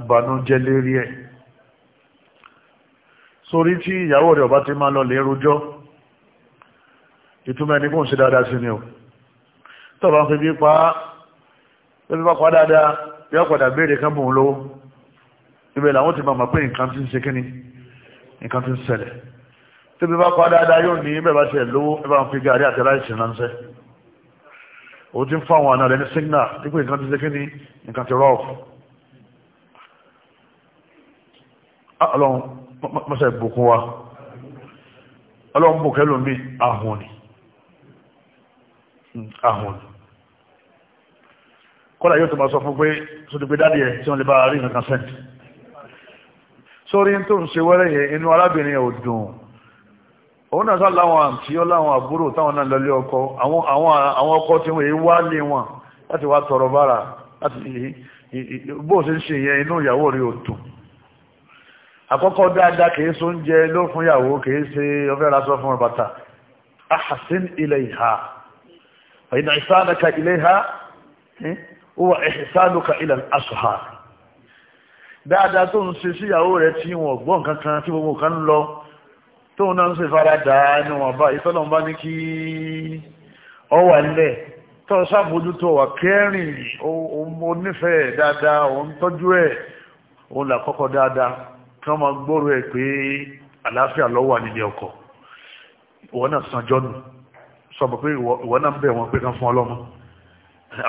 bànújẹ́ lérí ẹ̀ sórí tí ìyàwó rẹ̀ ọba ti máa lọ lè rojọ́ ìtumọ̀ ẹni kò dáadáa sí ni o tọ́ba fi bí pa á lórí bá pa dáadáa yóò padà béèrè kan bò ń lówó ibẹ̀ làwọn ti máa mọ̀ pé nǹkan ti ń ṣe kíni nǹkan ti ń ṣẹlẹ̀ tíbi bá pa dáadáa yóò ní bẹ́ẹ̀ bá ṣe lówó ẹ bá ń fi gàrí àti láìsí ránṣẹ́ ó ti ń fún àwọn àna rẹ ní signal dípò nǹkan ti ṣe kí ni nǹkan ti rọ́ọ̀f ọlọ́run mọ́sẹ̀ bùkún wa ọlọ́run bùkún ẹlòmíì ahùn ni hmm, ahùn ni kọ́lá yóò tó máa sọ fún pé sódùgbé dáadé ẹ̀ tí wọ́n lè bá rí nǹkan sẹ́ǹtì sórí tó ń ṣe wẹ́rẹ́ yẹn inú arábìnrin ẹ̀ ò dùn òun náà sáà láwọn àǹtí ọ láwọn àbúrò táwọn náà lọlé ọkọ àwọn ọkọ tí wọ́n èyí wá lé wọn láti wá tọrọ bára láti bó ṣe ń ṣe yẹn inú ìyàwó rí ò tún àkọ́kọ́ dáadáa kìí sún jẹ ló fún ìyàwó kìí ṣe ọfẹ́ lásán fún ọbàtà ahsin ilayha ọ̀yìn ihsanaka ilayha eh, huwa ihsanuka ila al-ashar dáadáa tó ń ṣe síyàwó rẹ̀ tí wọ́n gbọ́n kankan tí gbogbo kan lọ tóun náà ń ṣe farada ẹni wọn bá ìtọ́lọ́n bá ní kí ọ wà nílẹ̀ tó sàmójútó wà kẹrin òun nífẹ̀ẹ́ dáadáa òun tọ́jú ẹ̀ òun làkọ́kọ́ dáadáa kí wọ́n máa gbòòrò ẹ̀ pé àlàáfíà ló wà nílé ọkọ ìwọ náà sanjọ́ nù sọ̀bọ̀ pé ìwọ náà ń bẹ̀ wọn pé kán fún ọlọ́mọ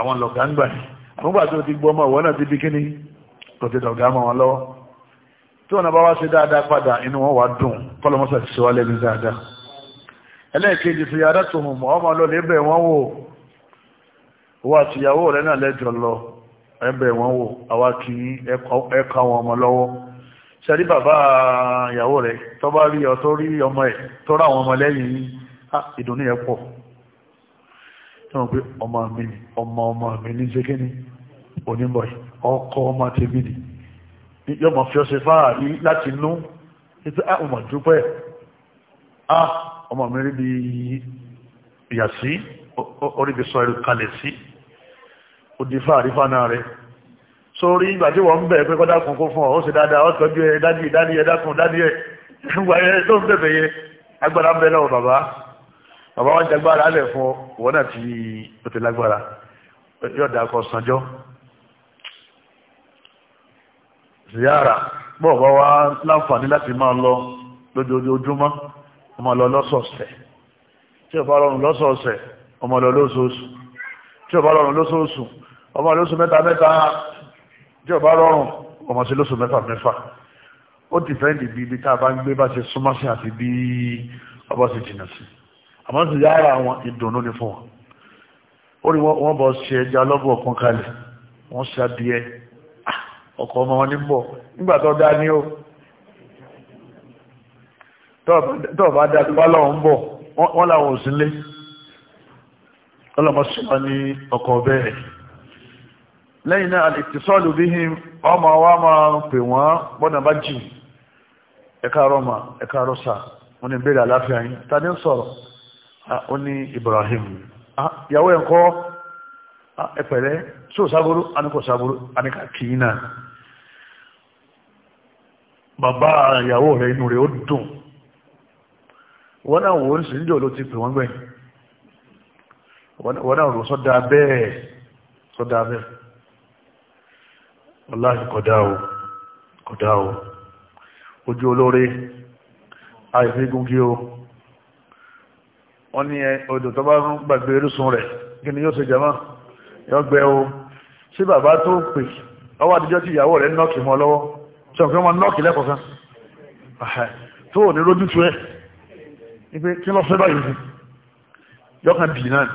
àwọn lọ̀gá ń gbà ní àmúgbà tó ti gbọ́ ọmọ ìwọ náà ti bí kíní kò ti dọ̀gá mọ́ wọn lọ́wọ́ tí wọ́n bá wá ṣe dáadáa padà inú wọn wà dùn kọlọmọ́sà ti ṣe wá lẹ́nu dáadáa ẹlẹ́ẹ̀kejì fi yàrá tó hùn mọ́ ọmọ lọ lébẹ̀ wọn wò owó àtìyàwó rẹ̀ náà lẹ́jọ lọ ẹbẹ̀ wọn wò àwa kì í ẹka wọn ọmọ lọ́wọ́ ṣẹ́rí bàbá ìyàwó rẹ̀ tó bá rí ọ tó rí ọmọ ẹ̀ tó rá àwọn ọmọ lẹ́yìn ìdùnnú yẹn pọ̀ tí wọ́n pé ọmọ mi ọmọ ọmọ mi yóò mọ̀ fi ọ̀sẹ̀ fáà rí láti nú títí á ọmọ dúpẹ́ á ah, ọmọ mi rí bí ìyà sí orí bí sọ ẹrù kalẹ̀ sí òdì fáà rí fáà náà rẹ̀ sórí ìgbà tí wọ́n ń bẹ̀ pé kọ́dá kan kó fún ọ ó sì dáadáa ó tọ́jú ẹ dádì dádì ẹ dákun dádì ẹ ìgbà yẹn tó ń bẹ̀bẹ̀ yẹn agbára ń bẹ lọ́wọ́ bàbá bàbá wọn jagbára alẹ̀ fún ọ wọn náà ti ó ti lágbára yóò dà kọ sanjọ́ Ziara, bọ́ọ̀ bá wá láǹfààní láti máa lọ lójoojúmọ́ ọmọ lọ lọ́sọ̀ọ̀sẹ̀ tí ó bá rọrùn lọ́sọ̀ọ̀sẹ̀ ọmọ lọ lóṣooṣù tí ó bá rọrùn lóṣooṣù ọmọ lóṣù mẹ́ta mẹ́ta tí ó bá rọrùn ọmọ sí lóṣù mẹ́fà mẹ́fà ó dìfẹ́ǹdì bí ibi tá a bá ń gbé bá ṣe súnmọ́ sí àti bí ọba sì jìnnà sí àmọ́ sì yára wọn ìdùnnú ni fún wọn ó rí wọn bọ́ ṣe ẹja lọ́gbọ̀ọ́ kan kalẹ̀ wọ́n ṣe adìẹ ọkọ̀ ọmọ wọn ní bọ̀ nígbà tó dá ní o tọ́ọ̀bá dá tó bá lọ́wọ́ ń bọ̀ wọ́n láwọn òsínlé ọlọ́mọsọ́lá ní ọkọ̀ bẹ́ẹ̀ lẹ́yìn náà ìtìsọ́ọ̀lù bí i ọmọ wa máa pè wọ́n bá jì ẹ̀ka rọ́mà ẹ̀ka rọ́sà yìí ta ní sọ̀rọ̀ ó ní Ibrahim ìyàwó ẹ̀kọ́ ẹ̀pẹ̀rẹ́ bàbá ìyàwó rẹ̀ inú rẹ̀ ó dùn wọ́n náà wò ó sì ń jò ló ti pè wọ́n gbẹ̀yìn wọ́n náà rò sọ́dá bẹ́ẹ̀ sọ́dá bẹ́ẹ̀ wọ́láhì kọ̀dá o kọ̀dá o ojú olóore àìfígún kí o wọ́n ní odò tó bá ń gbàgbé irúsun rẹ̀ kí ni yóò ṣe jama yọ́ gbẹ o ṣé bàbá tó pè ọwọ́ àtijọ́ tí ìyàwó rẹ̀ nọ́ọ̀kì mọ́ lọ́wọ́ sọ̀kẹ́ wọn nọ́ọ̀kì lẹ́kọ̀ọ́kan tó ní rójú tu ẹ kí lọ báyìí sí yọkàn bì náà ni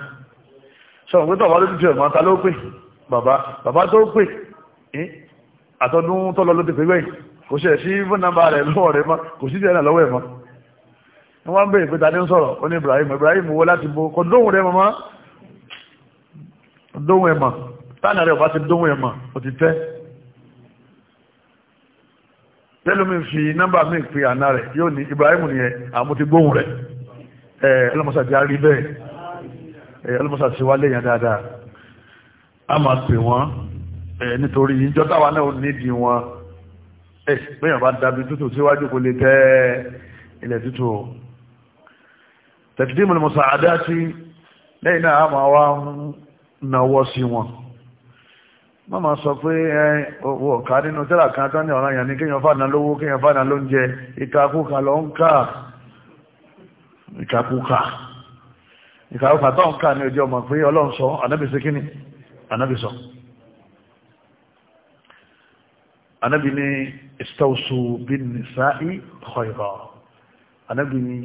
sọ̀rọ̀ pé tọ̀wá lójú ẹ̀ máa ta ló pè bàbá bàbá tó pè àtọ́dún tó lọ ló ti pè kò ṣe sí fún nàmbà rẹ̀ lọ́wọ́ rẹ̀ mọ́ kò sí jẹ́nà lọ́wọ́ ẹ̀ mọ́ wọ́n ń bèèrè pé ta ní ń sọ̀rọ̀ ó ní Ibrahim Ibrahim wo láti bo kò dóhùn rẹ̀ mọ́ dóhùn ẹ̀ mọ́ tánà rẹ̀ ò bá ti dóhùn ẹ̀ mọ́ ò ti tẹ́ tẹ́lómi fi nọ́mbà mi pe àná rẹ̀ yóò ní Ibrahim nìyẹn àmọ́ ti gbóhùn rẹ̀ ẹ ọlọ́mọṣà ti arí bẹ́ẹ̀ ẹ ọlọ́mọṣà ti wálé yẹn dáadáa a máa pè wọ́n ẹ nítorí ìjọ́ táwa náà nídìí wọn ẹ bẹ́ẹ̀ bá dábí tútù síwájú kò lè tẹ́ ilẹ̀ tútù o tẹ̀kídìmù ni mo sí lẹ́yìn náà a máa wá ń nawọ́ sí wọn wọ́n máa sọ pé ẹ owó ọ̀ká nínú tẹ́lá kan tán ní ọ̀ràn yàn ní kíyàn fàdà lówó kíyàn fàdà ló ń jẹ ìkàkùkà lọ ń kà ìkàkùkà ìkàkùkà tó ń kà ní ojú ọmọ pé ọlọ́run sọ anábì sí kíni anábì sọ anábì ní istawsu bin nisa'i khayra anábì ní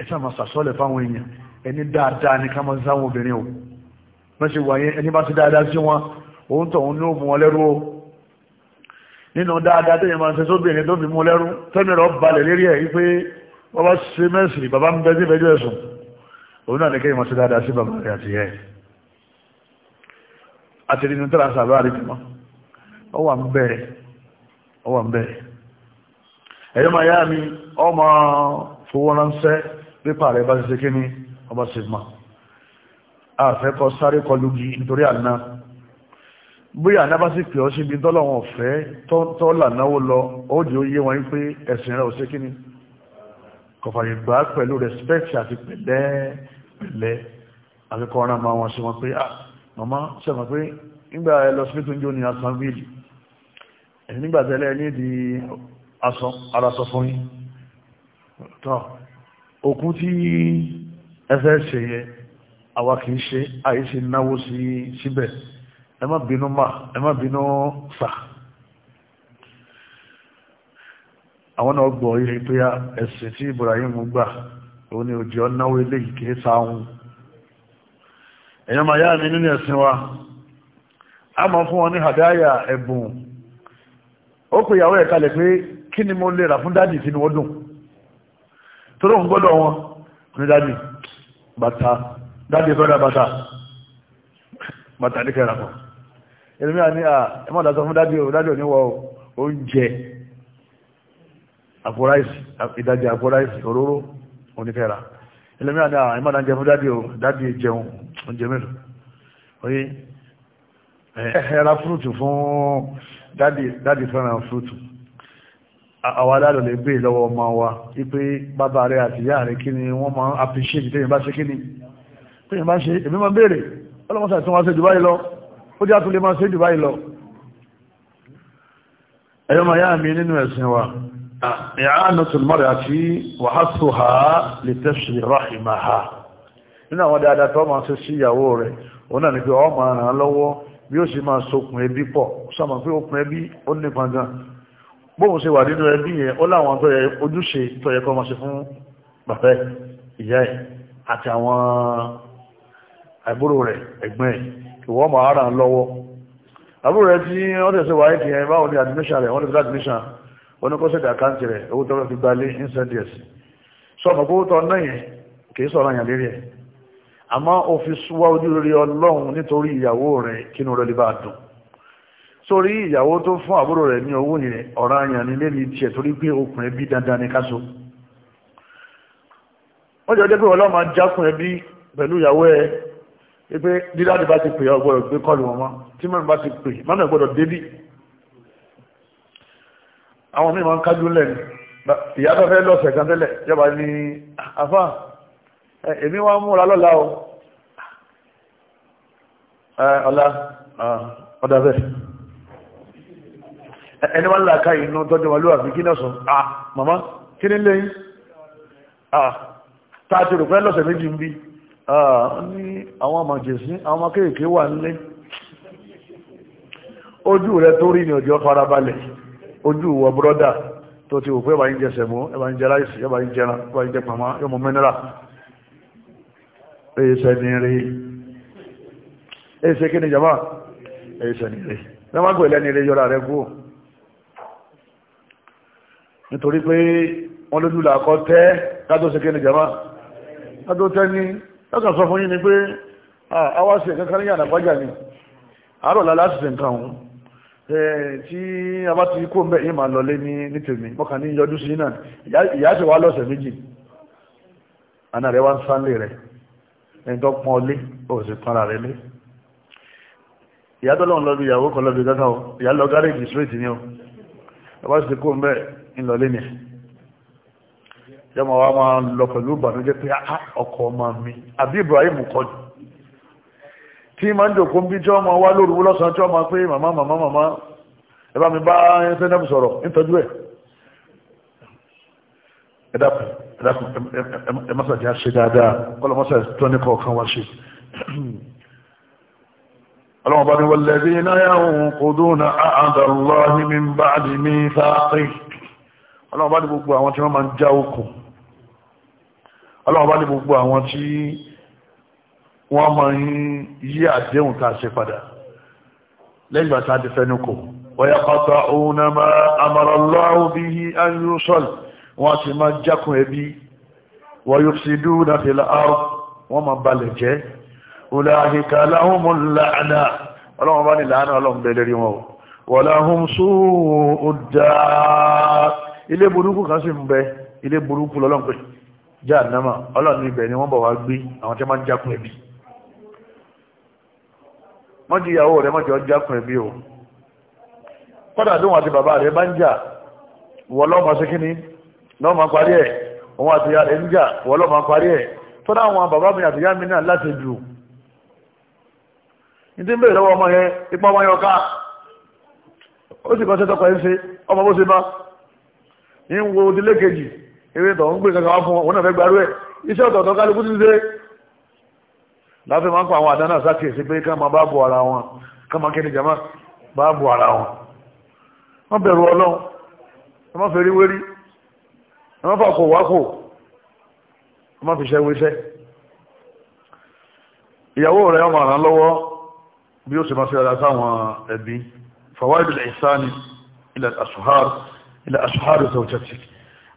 ẹsẹ̀ máa sàsọ́lẹ̀ fáwọn èèyàn ẹni dáadáa òun tọ̀hún ní ó mú wọn lẹ́rú o nínú dáadáa tó yẹ máa ń ṣe sóbìnrin tó fi mú lẹ́rú tẹ́mi rọ̀ balẹ̀ lérí ẹ̀ wípé bàbá ṣe mẹ́sìn bàbá ń bẹ́ sí ìfẹ́jọ́ ẹ̀sùn òun náà ní kéèyàn máa ṣe dáadáa sí bàbá rẹ̀ àti ẹ̀ àti nínú tẹ́lá sàbẹ́ àríkìmọ́ ọ ń bẹ̀rẹ̀ ọ ń bẹ̀rẹ̀ ẹ̀yọ́ máa yá mi ọ fowó ránṣẹ́ pépà rẹ̀ bá ṣe kí ni ọba ṣe mọ́ àfẹ́kọ́ sáré kọlu gi nítorí àná bóyá àná bá sì pè ọ́ síbi tọ́lọ́wọ́n ọ̀fẹ́ tọ́lá náwó lọ ó di ó yé wọn pé ẹ̀sìn rẹ̀ ò sí kíni kọfàyè gbà pẹ̀lú respect àti pẹ̀lẹ́ pẹ̀lẹ́ àfikọ́ ọ̀ràn máa wọn sí wọn pé ah màmá sẹ́wọ̀n pé nígbà ẹ lọ síbi tó ń jó ní asan bíìlì ẹ̀yìn nígbà tẹ́lẹ̀ ní di arasọ fún yín tọ́ òkun tí ẹ fẹ́ ṣe yẹ àwa kì í ṣe àyíṣe náwó sí síbẹ̀ ẹ má bínú má ẹ má bínú sà àwọn náà gbọ́ yìí pé ẹ̀sìn tí Ibrahim gbà òun ni òjò náwó eléyìí kìí sáhun èyàn máa yá mi nínú ẹ̀sìn wa a máa fún wọn ní hàdáyà ẹ̀bùn ó pè ìyàwó ẹ̀ kalẹ̀ pé kí ni mo lè rà fún dádì tí ni wọ́n dùn tó lóun gbọ́dọ̀ wọn ní dádì bàtà dádì fẹ́ ra bàtà bàtà ní kẹrànfọ́ ẹlòmíà ní à ẹ má dàtọ̀ fún dádì o dádì ò ní wọ oúnjẹ àpò ráìsì ìdajì àpò ráìsì òróró oníkẹ́ra ẹlòmíà ní à ẹ má dàjẹ fún dádì o dádì jẹun oúnjẹ mélòó oye ẹ̀ẹ́ra fúrútù fún dádì fẹ́ràn fúrútù àwọn adáàdọ̀ lè bèèrè lọ́wọ́ ọmọ wa wípé bàbá rẹ̀ àti ìyá rẹ̀ kí ni wọ́n máa appreciate tẹ́yìn bá kí ni tẹ́yìn bá èmi máa bèèrè ọlọ́mọsà ó dí àtúlé máa ṣe jù báyìí lọ ẹ̀yọ́ ma yá mi nínú ẹ̀sìn wa i'anatul mar'ati wa hassuha li tashri rahimaha nínú àwọn dáadáa tó máa ṣe sí ìyàwó rẹ̀ òun náà ni pé ọmọ ara lọ́wọ́ bí ó sì máa sokùn ẹbí pọ̀ sọmọ pé okùn ẹbí ó nípa gan bóun ṣe wà nínú ẹbí yẹn ó láwọn tó yẹ ojúṣe tó yẹ kó máa ṣe fún bàbá ìyá ẹ̀ àti àwọn àbúrò rẹ̀ ẹ̀gbọ́n ẹ̀ ìwọ́ mọ̀ ara ń lọ́wọ́ àbúrò rẹ̀ tí wọ́n tẹ̀sẹ̀ wáyé ti ẹ̀ báwọn ní admission rẹ̀ wọ́n ti fi admission wọ́n ní kó sẹ̀dẹ̀ àkáǹtì rẹ̀ owó tọ́lọ́ fi gbalé incendies sọmọ kó tọ́ náà yẹn kì í sọ̀rọ̀ yàn lérí ẹ̀ àmọ́ ó fi súwá ojú rere ọlọ́run nítorí ìyàwó rẹ̀ kínú rẹ̀ lè bá dùn sórí ìyàwó tó fún àbúrò rẹ̀ ní owó yẹn ọ̀ràn yàn ní lẹ́ni tiẹ̀ torí pé okùn ẹbí dandan ní káso wọ́n jọ jẹ́ pé ọlọ́run máa jákùn ẹbí pẹ̀lú ìyàwó ẹ pé dídáàdì bá ti pè ọ gbọ́dọ̀ gbé kọlù wọn mọ́ tí mọ́nà bá ti pè mọ́nà gbọ́dọ̀ débì àwọn míì máa ń kájú lẹ́nu ìyá tó fẹ́ lọ́sẹ̀ kan tẹ́lẹ̀ jọba ní afá èmi wá múra lọ́la o ọ̀la ọ̀dà bẹ́ẹ̀ ẹni wá ń là ká inú tọ́jú wọn lóhà fi kí náà sùn ah màmá kí ní lẹ́yìn ah tá a ti rò pé lọ́sẹ̀ méjì ń bí Ah, ní àwọn àmàjẹ̀sí àwọn kéèkéé wà nílé ojú rẹ tó rí ní ọjọ́ farabalẹ̀ ojú wọ brọ́dà tó ti wò pé ẹbà ń jẹ sẹ̀mú ẹbà ń jẹ ráìsì ẹbà ń jẹ ẹbà ń jẹ pàmá yọmọ mẹ́nira èyíṣẹ́ ní rí èyíṣẹ́ kí ni jama èyíṣẹ́ ní rí mẹ́màgbé lẹ́ni rí yọra rẹ kú nítorí pé wọ́n lójú làkọ́ tẹ́ kátó sí kí ni jama kátó tẹ́ ní lọ́kàn sọ fún yín ni pé àwa ṣe kankan ní àdàgbájà ni àárọ̀ lálá sì nǹkan ọ̀hún tí a bá ti kó mbẹ́ yìí máa lọlé ní tèmi mọ́kàn ní yọjú sí náà ìyá sì wá lọ́sẹ̀ méjì àna rẹ̀ wá ń sánlé rẹ̀ ẹni tó pọn ọlé ó sì pọn ara rẹ̀ lé ìyá ni o ẹ bá sì kó ni yọmọ wa máa lọ pẹ̀lú ìbànújẹ́ pé ọkọ̀ ọmọ mi àbí Ibrahim kọ́ ni tí máa ń dòkó ń bí tí ọmọ wa lóru lọ́sàn-án tí ọmọ pé màmá màmá màmá ẹ bá mi bá sẹ́nẹ́bù sọ̀rọ̀ nítọ́jú ẹ̀ ẹ dákun ẹ dákun ẹ má sàjá ṣe dáadáa kọ́lọ́ mọ́sà tó ní kọ̀ọ̀kan wá ṣe. ọlọ́run bá ní walladhina yanquduna ahda Allahi min ba'di mithaqih ọlọ́run bá ní gbogbo àwọn tí wọ́n máa ń já okùn ọlọ́run bá ní gbogbo àwọn tí wọ́n máa ń yí àdéhùn tá a ṣe padà lẹ́yìn ìgbà tá a ti fẹ́nu kò wọ́yá pátá òun náà máa amara Allahu bihi an yusal wọ́n ti máa jákun ẹbí wọ́n yufsiduna fil ard wọ́n máa balẹ̀ jẹ́ wọ́n láhùn sóò ó ilé burúkú kan sì ń bẹ ilé burúkú lọ́lọ́run jahannama ọlọ́run ibẹ̀ ni wọ́n bọ̀ wá gbé àwọn tí wọ́n máa ń jákun ẹbí ìyàwó ẹbí o kọ́dà tó wọn àti bàbá rẹ̀ bá ń jà wọ́n lọ́mọ sí kíní lọ́mọ parí ẹ̀ àti ń jà wọ́n lọ́mọ parí ẹ̀ tó dáwọn bàbá mi àti ìyá mi náà láti jù ní tí ń bèèrè lọ́wọ́ eré tó ń gbé kankan wá fún wọn wọn náà fẹ́ gbarú ẹ̀ iṣẹ́ ọ̀tọ̀ọ̀tọ̀ kálukú ti ń ṣe láti máa ń pa àwọn àdáná sákèsí pé ká máa bá bu ara wọn ká máa kéde jama bá bu ara wọn wọ́n bẹ̀rù ọlọ́run wọ́n máa fẹ́rí wérí wọ́n máa fàkó wákò wọ́n máa fi ṣe wéṣẹ́ ìyàwó rẹ̀ ọmọ àrán lọ́wọ́ bí ó sì máa ṣe ara sáwọn ẹbí fawaid al-ihsani ila al-ashhar ila ashhar zawjatik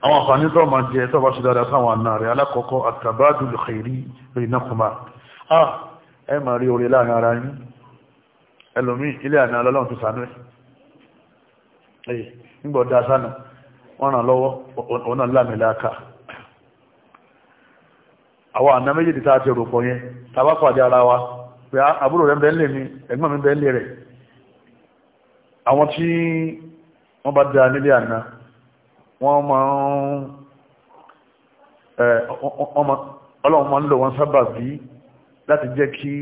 àwọn àǹfààní tó máa jẹ tó bá ṣe dáadáa sáwọn àna rẹ̀ alákọ̀ọ́kọ́ àtàbádùl khairi bainakuma ah ẹ máa rí orí láàrin ara yín ẹlòmí ilé àná ọlọ́run ti sànú ẹ̀ nígbà ọ̀dá sánà wọ́n ràn lọ́wọ́ ọ̀nà lámìláàkà àwọn àná méjì tàà ti rò pọ̀ wọ́n máa ń ọlọ́run máa ń lò wọ́n sábà bí láti jẹ́ kí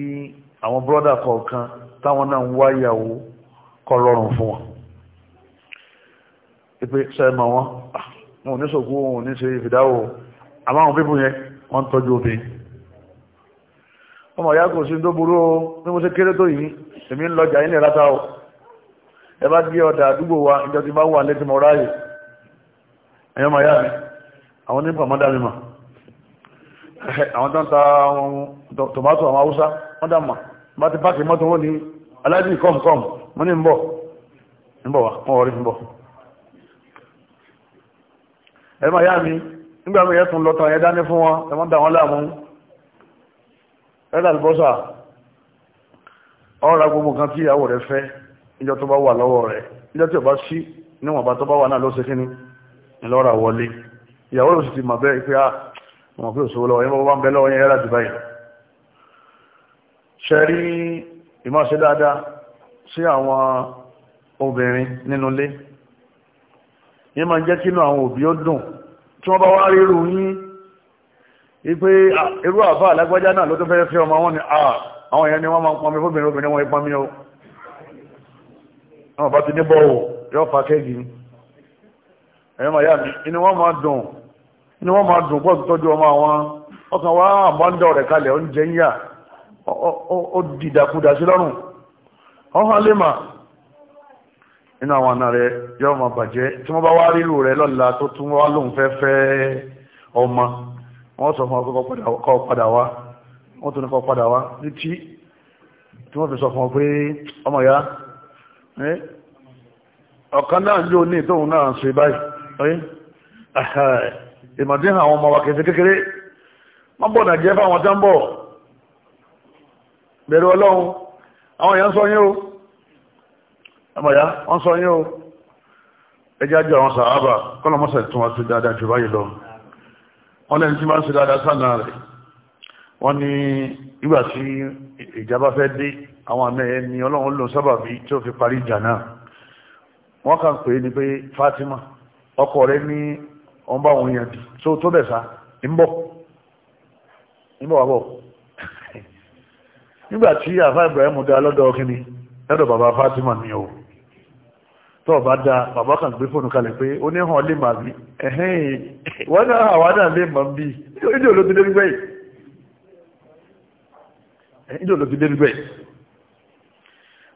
àwọn bọ́dà kọ̀ọ̀kan táwọn náà ń wá ìyàwó kó rọrùn fún wọn ìpé sẹ́ẹ̀mọ̀ wọn wọn ò ní sòkú wọn ò ní ṣe ìfìdáwò àmáhùn pípù yẹn wọ́n tọ́jú obì ọmọ ìyá kò sí tó burú o bí mo ṣe kéré tó yìí èmi ń lọjà ilẹ̀ látà o ẹ bá gbé ọ̀dà àdúgbò wa ìjọ ti bá wà létí mọ́ ráyè ẹ̀yọ́ máa yá mi àwọn nípa mọ́dá mi mà àwọn tó ń ta tòmátò àwọn haúsá mọ́dá mà bá ti páàkì mọ́tò wọ́n ní aláàjì kọ́mkọ́m mọ́ ní ń bọ̀ ń bọ̀ wá wọ́n rí ń bọ̀ ẹ̀yọ́ máa yá mi nígbà mi yẹ tún lọ́tọ̀ yẹn dání fún wọn ẹ̀mọ́ da wọn láàmú ẹ̀dà àlùbọ́sà ọ̀rọ̀ gbogbo nǹkan tí ìyàwó rẹ̀ fẹ́ ìjọ tó bá wà lọ́wọ́ rẹ̀ ìjọ tí ò bá sí níwọ̀nba tó bá wà náà ló ńlọ́ra wọlé ìyàwó rẹ̀ sì ti mọ̀ bẹ́ẹ̀ pé àwọn ah, pé òṣòwò lọ́wọ́ yẹn bọ́ bá ń bẹ lọ́wọ́ yẹn yára jù báyìí ṣe rí ìmọ̀ọ́ṣe dáadáa sí àwọn obìnrin nínú ilé yẹn máa ń jẹ́ kínú àwọn òbí ó dùn tí wọ́n bá wá rírù yín wípé ah, irú àbá alágbájá náà ló tó fẹ́ fẹ́ ọmọ wọn ni ah, àwọn èèyàn ni wọ́n máa pọnmi fóbìnrin obìnrin wọn ìpọnmi o àwọn bá ti ní bọ́ọ̀wọ̀ yóò fa kéèkì ni ẹ̀yọ́ màá yá mi inú wọn máa dùn inú wọn máa dùn pọ̀ tọ́jú ọmọ àwọn ọkàn wa àbọ̀ǹdọ̀ rẹ̀ kalẹ̀ oúnjẹ ń yà ó dìdàkudà sí lọ́rùn ọ̀hán lè mà inú àwọn àna rẹ̀ yọ́ máa bàjẹ́ tí wọ́n bá wá rírù rẹ̀ lọ́la tó tún wá lóun fẹ́ fẹ́ ọmọ wọ́n sọ fún ọkọ̀ kọ́ padà wá wọ́n tún ní kọ́ padà wá ní tí tí wọ́n fi sọ fún ọ pé ọmọ ya ọ̀kan náà ń lò ní ìtòhun náà ń ṣe báyìí ìmọ̀dé àwọn ọmọ wa kẹsẹ̀ kékeré má bọ̀ nàìjíríà fáwọn tó ń bọ̀ bẹ̀rù ọlọ́run àwọn èèyàn sọ yín o ẹmọ̀yá wọ́n sọ yín o ẹjẹ́ àjọ àwọn sàábà kọ́nà mọ́sẹ̀ tó wá sí dáadáa jù báyìí lọ wọ́n lẹ́ni tí máa ń sí dáadáa sáànà rẹ̀ wọ́n ní ìgbà tí ìjábá fẹ́ dé àwọn àmì ẹni ọlọ́run lò sábàbí tí ó fi parí ìjà náà wọ́n kàn pé ni pé Fatima ọkọ rẹ ní ọ̀n bá òun yàn tó tó bẹ̀ sá ń bọ̀ ń bọ̀ wá nígbà tí àfá Ibrahim dá lọ́dọ̀ kíni lọ́dọ̀ bàbá Fatima ni o tó bá dá bàbá kan gbé fóònù kalẹ̀ pé ó ní hàn lè máa bí ẹ̀hẹ́n wọ́n náà àwádà lè máa bí ìdí olóbi dé nígbẹ̀ẹ́ ìdí olóbi dé nígbẹ̀ẹ́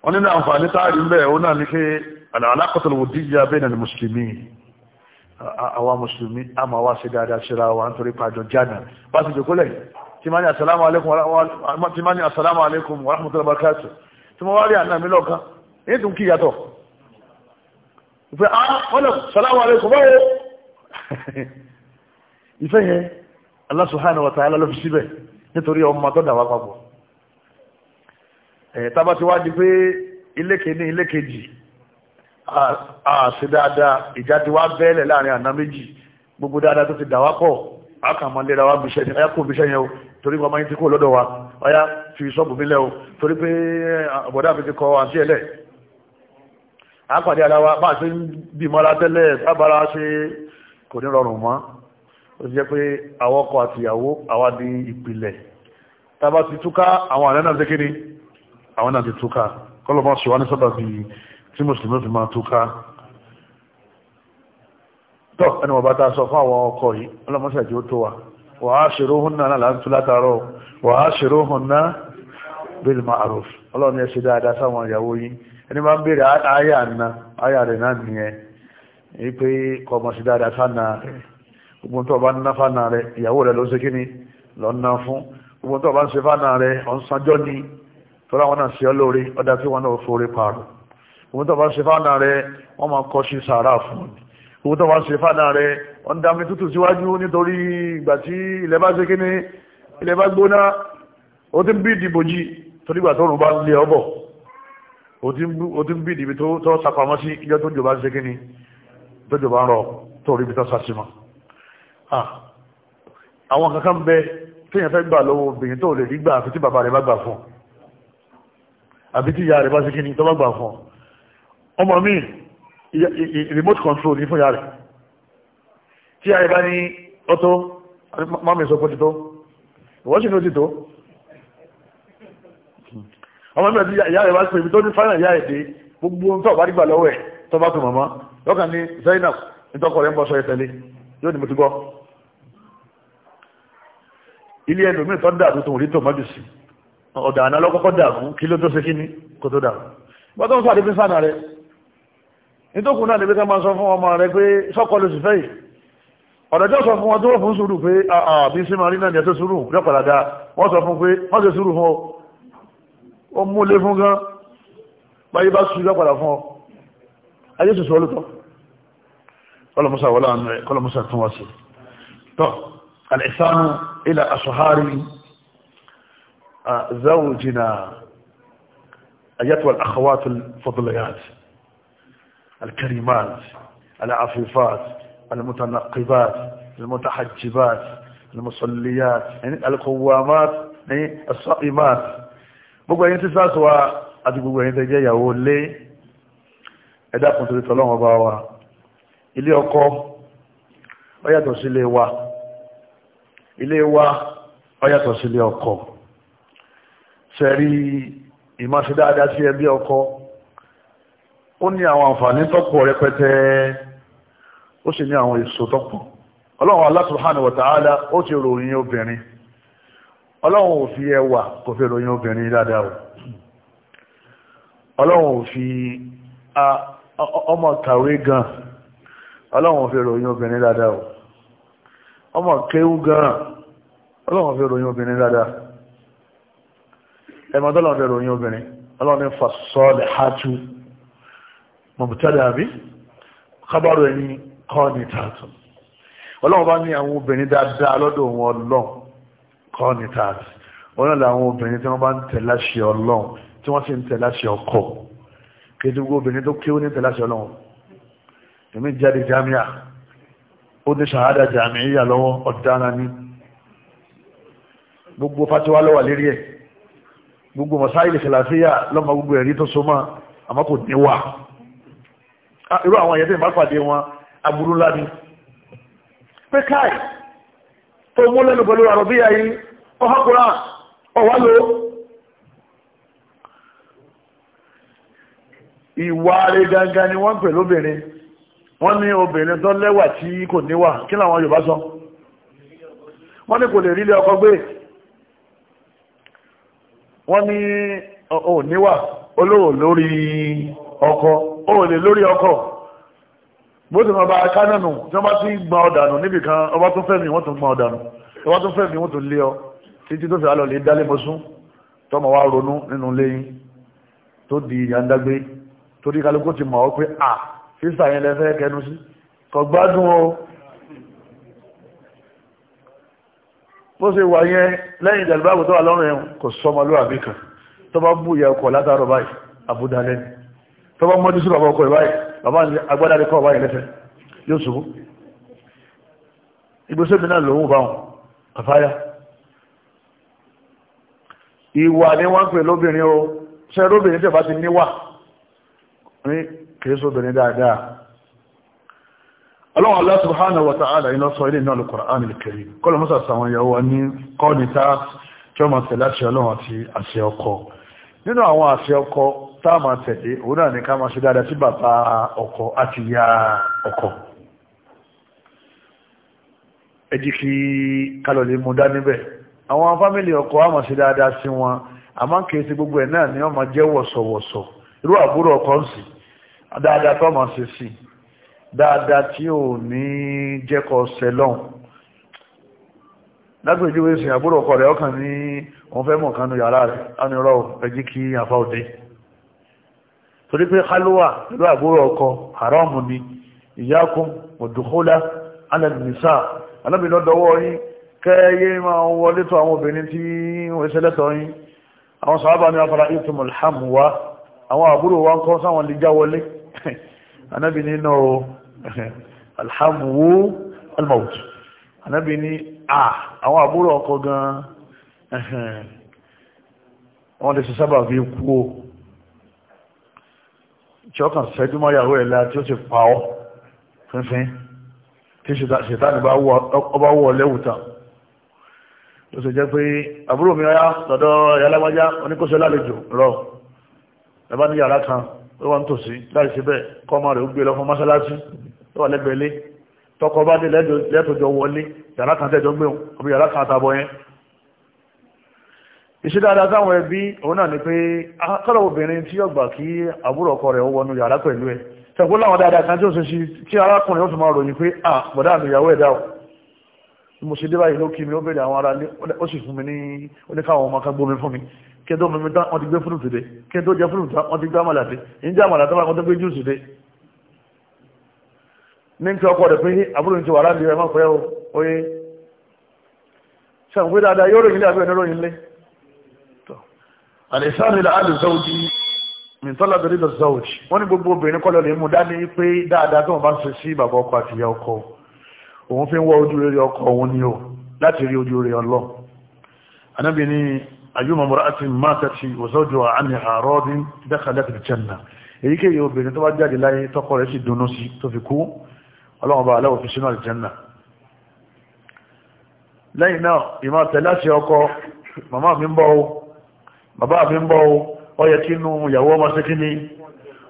wọ́n nínú àǹfààní táàrí ń bẹ̀ ó náà ní pé àlàkọ̀tọ̀lọ̀wò díjà bẹ́ẹ̀ nà ní mùsùlùmí àwa musulmi a máa wá sí dáadáa síra wa nítorí pàjọ bá ti ma tí máa ní àsàlámù alékùn warahmatullahi wabarakatuh tí wọ́n wá rí àná mi lọ́ọ̀kan ní tún kí yàtọ̀ ìfẹ́ ah, ìfẹ́ yẹn Allah subhanahu wa ta'ala síbẹ̀ nítorí ọmọ tó dàwà papọ̀ ti pé ilé ilé àṣì dáadáa ìjáde wá bẹ́ẹ̀lẹ̀ láàrin àná méjì gbogbo dáadáa tó ti dà wá pọ̀ akàmọ́lẹ́ra wá bíṣẹ́ ni ọyá kò bíṣẹ́ yẹn o torí wọn máa ń ti kó lọ́dọ̀ wa ọyá fi sọ́ọ̀bù mi lẹ́ o torí pé àbọ̀dá eh, mi ti kọ àti ẹlẹ́ àpàdé ara wa bá a ṣe ń bí mọ́ra tẹ́lẹ̀ bábara ṣe kò ní rọrùn mọ́ ó jẹ́ pé àwọn ọkọ àtìyàwó àwa di ìpìlẹ̀ tá a bá ti túká àwọn àná náà ṣe kéde àwọn náà ti túká tí mùsùlùmí fi máa túká tọ́ ẹni sọ fún ọkọ yìí tí ó tó wa náà là ń tú látàárọ̀ náà ashiruhunna bil ma'ruf ọlọ́run ẹ ṣe dáadáa sáwọn ìyàwó yìí ẹni máa ń bèèrè àyà náà àyà náà nìyẹn èyí pé sí dáadáa sáà náà gbogbo tó bá ń ná ìyàwó owó tó bá ṣe fáànà rẹ wọ́n máa kọ́ sí sàárà fún un owó tó bá ṣe fáànà rẹ wọ́n dá mi tútù síwájú nítorí ìgbà tí ilẹ̀ bá ṣe kí ni ilẹ̀ bá gbóná ó ti ń bí ìdìbò jí torí ìgbà tó rùn bá lé ọ bọ̀ ó ti ń bí ìdìbò tó sapamọ́ sí ìjọ tó jọba ṣe kí ni tó jọba ń rọ tó ibi tó sàṣìmọ́ àwọn kankan bẹ téèyàn fẹ́ gbà lọ́wọ́ obìnrin tó lè rí gbà àfi tí bàbá rẹ̀ bá gbà fún àbí tí ìyá rẹ̀ bá ṣe kí ni tó bá gbà fún ọmọ mi remote control ní fún ya rẹ̀ tí a yẹba ní ọtọ́ mami sọ pé títọ́ ìwọ́n sì ní ó ti tó ọmọ mi àti ìyá rẹ̀ wá sí ibi tó ní fáìnà ìyá èdè gbogbo ohun tó àbá dìgbà lọ́wọ́ ẹ̀ tó bá tún mọ̀mọ́ lọ́kàn ní Zainab nítọ́kọ̀ rẹ̀ ń bọ́ sọ ẹ̀tẹ̀lé yóò ní mo ti gbọ́ ilé ẹlòmíì tó dàrú tó rí tó mọ́jú sí ọ̀dà àná lọ́kọ́kọ́ dàrú kí ló tó ṣe kí kó tó dàrú bọ́tọ̀ ń sọ àdébí sánà rẹ̀ nítòkù náà níbi kan máa sọ fún ọmọ rẹ pé sọ́kọ ló sì fẹ́ yìí ọ̀dọ̀jọ́ sọ fún wọn tó wọ́n fún sùúrù pé àà bí sí marí náà ní ẹ̀sẹ̀ sùúrù lọ́pàdàdà wọ́n sọ fún pé wọ́n sì sùúrù fún ọ ó mú lé fún gan báyé bá sùúrù lọ́pàdà fún ọ ayé sì sọ olùtọ́ kọlọmọsà wọlá الكريمات العفيفات المتنقبات المتحجبات المصليات يعني القوامات يعني الصائمات gbogbo ẹ̀yin tí sáàtù wa àti gbogbo ẹ̀yin tẹ́jẹ́ ìyàwó lé ẹ̀dàkùn torí tọ́lọ́wọ́ bá wa ilé ọkọ ó yàtọ̀ sí ilé wa ilé wa ó yàtọ̀ sí ilé ọkọ sẹ́rí ìmáṣe dáadáa sí ẹbí ọkọ ó ní àwọn àǹfààní tọ́pọ̀ rẹpẹtẹ ó sì ní àwọn èso tọ́pọ̀ ọlọ́run Allah subhanahu o ó ti ròyìn obìnrin ọlọ́run ò fi ẹwà kò fi ròyìn obìnrin dáadáa o ọlọ́run ò fi ọmọ kàwé gan ọlọ́run ò fi ròyìn obìnrin dáadáa o ọmọ kéwú gan ọlọ́run ò fi ròyìn obìnrin dáadáa ẹ̀mọ́dọ́lọ́run fi ròyìn obìnrin ọlọ́run ní fasọ́ọ̀lẹ̀ hátú mọ̀bùtádà àbí kábàrò ẹni kọ́ọ̀nì tààtù ọlọ́run bá ní àwọn obìnrin dáadáa lọ́dọ̀ wọn ọlọ́run kọ́ọ̀nì tààtù wọn náà làwọn obìnrin tí wọ́n bá ń tẹ̀láṣẹ ọlọ́run tí wọ́n sì ń tẹ̀láṣẹ ọkọ kejìgbó obìnrin tó kí ó ní tẹ̀láṣẹ ọlọ́run èmi jáde jamia ó ní ṣàhádà jàmí ìyà lọ́wọ́ ọ̀daràn ni gbogbo fatiwa lọ́wà lérí ẹ̀ gbogbo mọ̀sáìlì ṣàlàfíà lọ́mọ gbogbo ẹ̀rí tó so mọ́ àmọ́ kò níwà Ah, irú àwọn ẹ̀yẹ́ tí ìbá pàdé wọn aburú ńlá ni pé káì tó mú lẹ́nu pẹ̀lú àrọ̀bíyà yìí ọ̀hákùnrà ọ̀wá lò ìwà rẹ̀ gangan ni wọ́n pè lóbìnrin wọ́n ní obìnrin tó lẹ́wà tí kò níwà kí làwọn Yorùbá sọ wọ́n ní kò lè rílé ọkọ gbé wọ́n ní òníwà olóòlórí ọkọ ó lè lórí ọkọ̀ bó ti máa bá kánánù tí wọ́n bá ti gbọ́n ọ̀dànù níbì kan ọba tó fẹ́ mi wọ́n tó gbọ́n ọ̀dànù ọba tó fẹ́ mi wọ́n tó lé ọ títí tó fi alọ́ lè dálé mọ́sún tọ́mọ̀ wá ronú nínú léyìn tó di ìyàndágbé torí kálukú ti mọ̀ ọ́ pé à sísà yẹn lẹ́fẹ́ kẹnu sí kò gbádùn o bó ṣe wà yẹn lẹ́yìn ìdàlúbàbò tó wà lọ́rùn yẹn kò sọmọlúwàbí kan tó bá bú ìyà ọkọ̀ látàrọ̀ báyìí àbúdá lẹ́nu tó bá mọ́jú sí bàbá ọkọ̀ ìbáyìí bàbá agbádá lè kọ́ ọ̀báyìí lẹ́fẹ̀ yóò ṣubú ìgbésẹ̀bí náà lòun bá wọn àfáyá ìwà ní wọ́n ń pè lóbìnrin o ṣe lóbìnrin tẹ̀fà ti níwà ní kìí sóbìnrin dáadáa ọlọ́run Allah subhanahu wa ta'ala iná sọ ilé náà al-Qur'an al kọ́lọ̀ mọ́sà sàwọn ìyàwó wa ní kọ́ni tá tí wọ́n máa tẹ̀lé àṣẹ ọlọ́run àti àṣẹ ọkọ nínú àwọn àṣẹ ọkọ ta ma se e ona ni ka ma se dada ti papa oko ati ya oko e di ki kalo le mo da nibe awon family oko a ma se dada si won a ma ke se gbogbo e na ni o ma je wosowoso ruo aburo oko nsi dada to ma se si daada ti o ni je ko se lohun lágbè ìjúwèé sí àbúrò ọkọ rẹ ọkàn ní wọn fẹ mọ kánú yàrá rẹ á ní rọ ẹjí kí torí pé kálúwà pẹ̀lú àbúrò ọkọ haramu ni ìyákùn mọ̀dùkúlá alẹ́nìsá alábìlọ́dọ̀wọ́ yín kẹ́yẹ máa wọlé tó àwọn obìnrin tí wọ́n ṣe lẹ́tọ̀ yín àwọn sàábà ní afárá ìtumọ̀ alhamwa àwọn àbúrò wa ń kọ́ sáwọn lè já wọlé anábì nínú tí ó kàn sẹ́dúmọ́ ìyàwó ẹ̀ la tí ó sì pa ọ́ fínfín tí ṣètàní ọba wọ lẹ́wùtà ó sì jẹ́ pé àbúrò mi ọyá lọ́dọ̀ ìyálágbájá oníkóṣe lálejò rọ ẹbá ní yàrá kan ó wà ń tòsí láì sí bẹ́ẹ̀ kọ́ ọmọ rẹ̀ ó gbé lọ fún mọ́sálásí ó wà lẹ́gbẹ̀ẹ́ lé tọkọ bá dé lẹ́tọ̀jọ wọlé yàrá kan tẹ́jọ gbéhùn ọbí yàrá kan àtàbọ̀ yẹn ìṣe dáadáa táwọn ẹbí òun náà ni pé akọ́lọ̀ obìnrin tí yóò gbà kí àbúrò ọkọ rẹ̀ wọnú yàrá pẹ̀lú ẹ̀ tẹ̀kú láwọn dáadáa kan tí ó ṣe sí tí arákùnrin ó tún máa ròyìn pé à bọ̀dá àmì ìyàwó ẹ̀dá ò mo ṣe dé báyìí ló kí mi ó béèrè àwọn ará ó sì fún mi ní oníkàwọn ọmọ kan gbómi fún mi kí n tán wọ́n ti gbé fúrùtù dé kí jẹ fúrùtù wọ́n ti gbé o oye ṣàǹgbé dáadáa yóò ròyìn lé àbí ẹni àlẹ́sàn ilẹ̀ alùsọ́ọ̀dì mìtọ́lá bẹ̀rẹ̀ lọ sọ́ọ̀dì wọ́n ní gbogbo obìnrin kọ́lọ̀ lè mú dání pé dáadáa tó wọ́n bá ń ṣe sí bàbá ọkọ àti ìyá ọkọ òun fi ń wọ ojú rere ọkọ òun ni o láti rí ojú rere ọlọ́ anábì ní ayúmọ̀ mọ̀rọ̀ àti mátàtì òṣòjò àmì àrọ́dín dákàlẹ́tì jẹ́nà èyíkéyìí obìnrin tó bá jáde láyé tọkọ rẹ̀ sì dunnú sí tó fi kú ọlọ́run bá aláwọ̀ fi sínú àlìjẹ́nà lẹ́yìn náà ìmọ̀ tẹ̀láṣẹ ọkọ màmá mi ń bọ́ bàbá àfi ń bọ́ ọ yẹ kí inú ìyàwó ọmọ sí kíní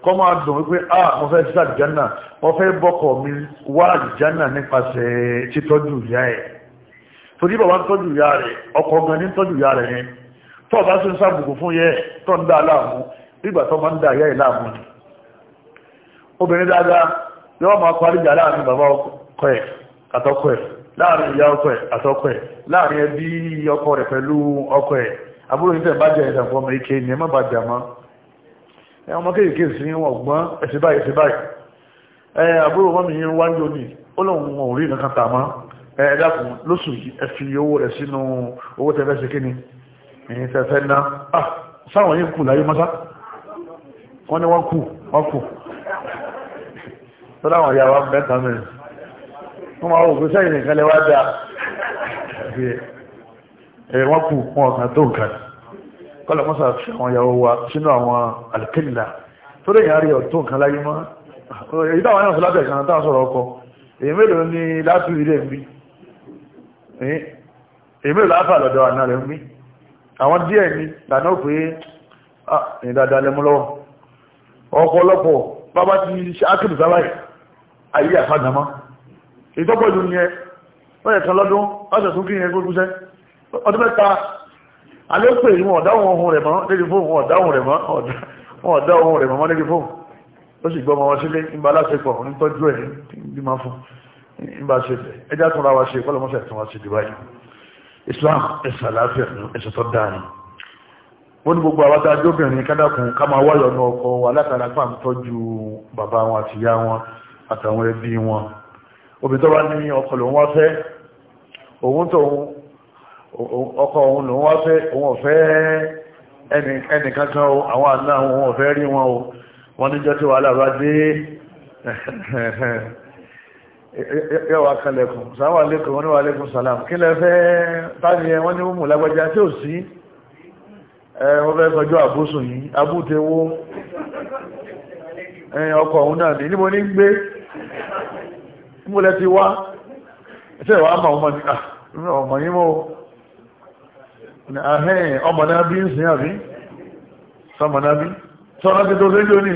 kọ́ máa dùn wípé a mo fẹ́ sí àlìjánà mo fẹ́ bọ́kọ̀ mi wá àlìjánà nípasẹ̀ títọ́jú ìyá ẹ̀ torí bàbá ń tọ́jú ìyá rẹ̀ ọkọ gan ní tọ́jú ìyá rẹ̀ yẹn tó bá sí ń sábùkù fún yẹ tó ń dá láàmú nígbà tó máa ń dá ìyá ẹ̀ láàmú ni obìnrin dáadáa yọ́ máa parí ìjà láàrin bàbá ọkọ ẹ̀ àtọkọ ẹ̀ láàrin ìyá ọkọ ẹ̀ àtọkọ ẹ̀ láàrin ẹbí ọkọ rẹ̀ pẹ̀lú ọkọ ẹ̀ àbúrò yìí tẹ̀ bá jẹ ẹ̀sà fọmọ ike ni ẹ má ba jà mọ́ ẹ ọmọ kéèké sí wọn gbọ́n ẹ̀sìn báyìí ẹ̀sìn báyìí ẹ àbúrò mọ́mí yín wá ń jò ní ó lóun ò rí nǹkan tà mọ́ ẹ dákun lóṣù yìí ẹ fi owó rẹ̀ sínú ah sáwọn yìí kù láyé mọ́sá wọ́n ní wọ́n kù wọ́n kù tó dáwọn ìyá wa mẹ́ta mẹ́rin wọ́n máa wò pé sẹ́yìn nìkan lè wọ́n kù wọn ọ̀kan tó nǹkan kọ́lọ̀ mọ́sà fi àwọn ìyàwó wa sínú àwọn àlùkìlà tó lè yàrá ọ̀ tó nǹkan láyé mọ́ èyí táwọn náà sọlá bẹ̀ẹ̀ kan táwọn sọ̀rọ̀ ọkọ èyí mélòó ni láti ilé ń bí èyí mélòó láfà lọ́dọ̀ àná rẹ̀ ń bí àwọn díẹ̀ ni lànà pé ah, ní dáadáa lẹ́mú lọ́wọ́ ọ̀pọ̀lọpọ̀ bábá ti ṣe ákìlù sáláì ayé àfàdàmọ́ ìtọ́pọ̀ ìlú ni ẹ wọ́n yẹ kan lọ́dún ọ̀sẹ̀ tún kí ni ẹgbẹ́ ọdún mẹ́ta alẹ́pẹ̀ yìí wọ́n ọ̀dáhùn ohun rẹ̀ mọ́ lórí fóònù wọ́n ọ̀dáhùn rẹ̀ mọ́ wọ́n ọ̀dáhùn rẹ̀ mọ́ lórí fóònù ó sì gbọ́mọ wọn sílé nígbà aláṣepọ̀ ń tọ́jú ẹ̀ bí máa fún nígbà ṣe fẹ́ ẹjá tún ra wa ṣe kọ́lọ́mọ́sẹ̀ tún wa ṣe dìbáyìí Islam ẹ̀sà láàfíà ẹ̀sà tó dáa ni wọ́n ní gbogbo àwátá ajóbìnrin kádàkùn ká máa wáyọ̀ ní ọkọ wa látara pàm tọ́jú bàbá wọn àti ìyá wọn àtàwọn ẹbí wọn obìnrin tó bá ní ọkọ ọkọ òun lòun wá fẹ́ òun ọ̀fẹ́ ẹnìkan kan o àwọn àná òun ọ̀fẹ́ rí wọn o wọ́n níjọ́ tí wàhálà bá dé yọ́wà kalẹ̀kùn sáwà lẹ́kùn wọ́n níwà lẹ́kùn sàlám kí lẹ fẹ́ tàbí ẹ wọ́n ní mú lágbàjá tí ò sí wọ́n ọmọ yìí ah, mọ́ ahẹ́n ọmọ náà bí ń sin àbí sọmọ náà bí sọ́nà ti tó rédíò ní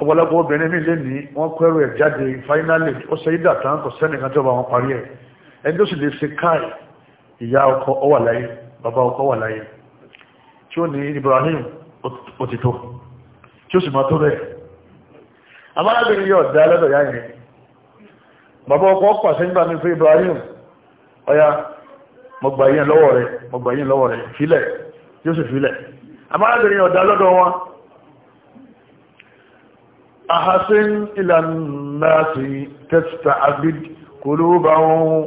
ọ̀pọ̀lọpọ̀ obìnrin mi lè ní wọ́n kẹ́rù ẹ̀ jáde fáínálì ó ṣe ìdà tán kò sẹ́nìkan tó bá wọn parí ẹ̀ ẹni tó sì lè ṣe káì ìyá ọkọ ó láyé bàbá ọkọ wà láyé tí ó ní Ibrahim òtítọ́ tí ó sì máa tó rẹ̀ amárábìnrin yóò dá lọ́dọ̀ yá yẹn bàbá ọkọ pàṣẹ nígbà mo gbà yín lọ́wọ́ rẹ̀ mo gbà yín lọ́wọ́ rẹ̀ filẹ̀ yóò sì filẹ̀ amáradìrin ọ̀dá lọ́dọ̀ wọn ahasin ilannasi testa abid kuluba wọn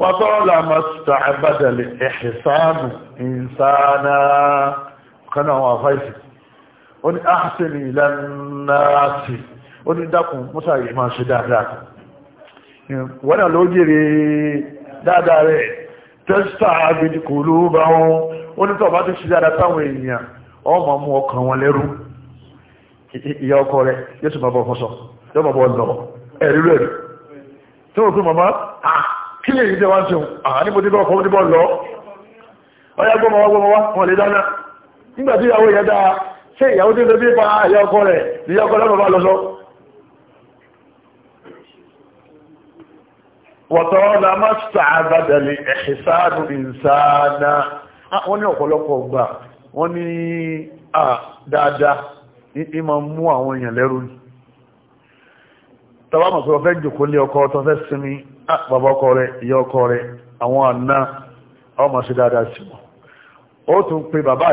wọ́n tọ́lá mọ́sítà àbádàlẹ̀ ẹ̀ṣẹ̀sánù ìsáná kanáà wọn àfáìsì ó ní ahasin ilannasi ó ní dákùn mọ́sá yìí máa ṣe dáadáa wọ́n náà ló jèrè dáadáa rẹ̀ tẹ́sítà àbìdì kò ló ó ní tọ́ba tó ṣe dáadáa táwọn èèyàn ọmọ mú ọkàn wọn lẹ́rú ìyá ọkọ rẹ yóò sì máa yóò máa bọ̀ lọ ẹ̀rí rẹ̀ o fi kí lè yíjẹ wá ọ wá wá wọn lè dáná nígbà tí ìyàwó yẹn dáa ṣé wọ̀tọ́ọ́lámá sàádàdàlì ẹ̀ṣẹ̀sáàdù ìsáàdà wọ́n ní ọ̀pọ̀lọpọ̀ ọgbà wọ́n ní à dáadáa ní ma mú àwọn èèyàn lẹ́rù ní tọ́wọ́ mọ̀sọ̀rọ̀ fẹ́ jòkó lé ọkọ tó fẹ́ sinmi bàbá ọkọ rẹ̀ ìyá ọkọ rẹ̀ àwọn àna ọmọ sí dáadáa sí wọn ó tún pe bàbá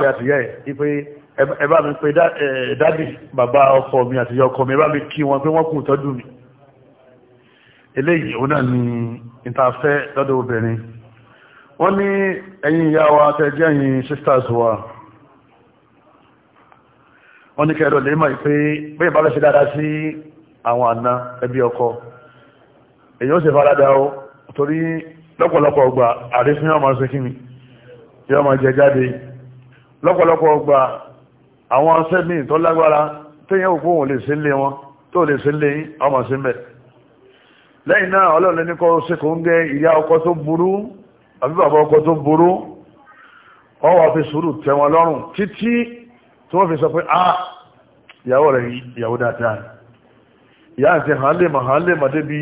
eléyìí òun náà ni ìtafẹ́ lọ́dọ̀ obìnrin wọ́n ní ẹ̀yin ìyá wa tẹ́jẹ́ ẹ̀yin sisters wa wọ́n ní kẹ́rọ lè mọ̀ pé bẹ́ẹ̀ bá fẹ́ dáadáa sí àwọn àna ẹbí ọkọ èyàn sì farada ó torí lọ́pọ̀lọpọ̀ ọgbà àrífín ọmọ sí kí ni yọ ọmọ jẹ jáde lọ́pọ̀lọpọ̀ ọgbà àwọn sẹ́mì tó lágbára téèyàn òkú òun lè sí wọn tó lè sí ọmọ sí mẹ́rin lẹ́yìn náà ọlọ́run lẹ́ni kọ́ ṣe ń gẹ ìyá ọkọ tó burú àbí bàbá tó burú ọwọ́ àfi sùúrù tẹ́ lọ́rùn títí tí wọ́n fi sọ pé a ah, ìyàwó rẹ̀ ìyàwó dáadáa ìyá àti hàálèmọ̀ hàálèmọ̀ débi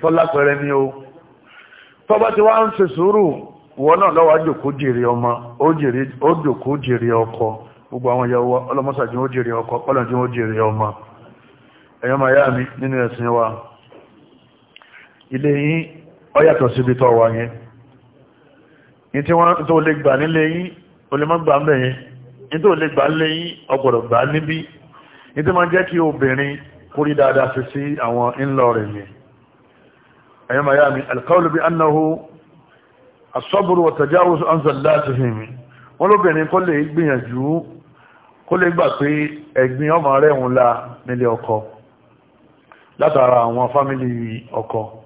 tọ́lápẹ̀rẹ̀ ni o tọ́ba tí wọ́n ń ṣe sùúrù wọn náà lọ́wọ́ àjòkó jèrè ọmọ ó jòkó jèrè ọkọ gbogbo àwọn ìyàwó ọlọ́mọsàjì ó jèrè ọkọ ọlọ́jì ó jèrè ọmọ ẹ̀yọ́mọ̀ ayá mi nínú ẹ̀sìn wa ilé yín ó yàtọ̀ síbi tó wà yẹn ní tí wọ́n tó lè gbà nílé yín o lè má gbà ń bẹ̀ yẹn ní tó lè gbà nílé yín o gbọ́dọ̀ gbà níbí ní tí máa jẹ́ kí obìnrin kórí dáadáa sí sí àwọn ńlọ rẹ̀ yẹn ẹ̀yọ́ màá yá mi alqawlu bi annahu as-sabru wa látara àwọn fámìlì ọkọ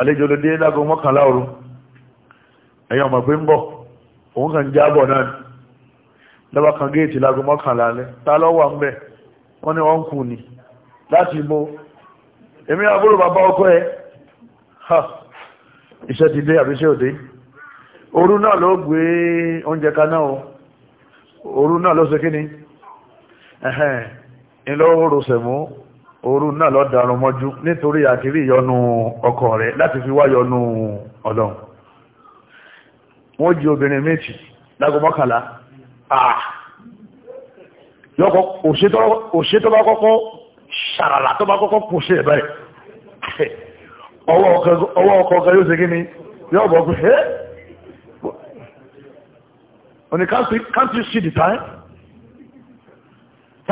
àlejò ló dé lágọ mọ́kànlá òru ẹ̀yàn ọmọ pé ń bọ̀ òun kàn jábọ̀ náà ni lọ́wọ́ kan géètì lágọ mọ́kànlá alẹ́ ta lọ́wọ́ ń bẹ̀ wọ́n ní wọ́n kù ní láti bo èmi àbúrò bàbá ọkọ ẹ̀ ha iṣẹ́ ti dé àbíṣẹ́ òde òru náà ló gbé oúnjẹ kaná o òru náà ló ṣe kí ni ẹ̀hẹ́n ìlọ́wọ́ rọ̀ṣẹ̀ òru náà lọ darun mọ́jú nítorí àtìrí ìyọnu ọkọ rẹ láti fi wá yọnu ọlọ́run wọ́n jí obìnrin méjì lagomakala ah! yọkọ òṣè tó bá kọ́kọ́ ṣàràrà tó bá kọ́kọ́ kò ọkọ ọkọ yóò ni yóò bọ̀ pé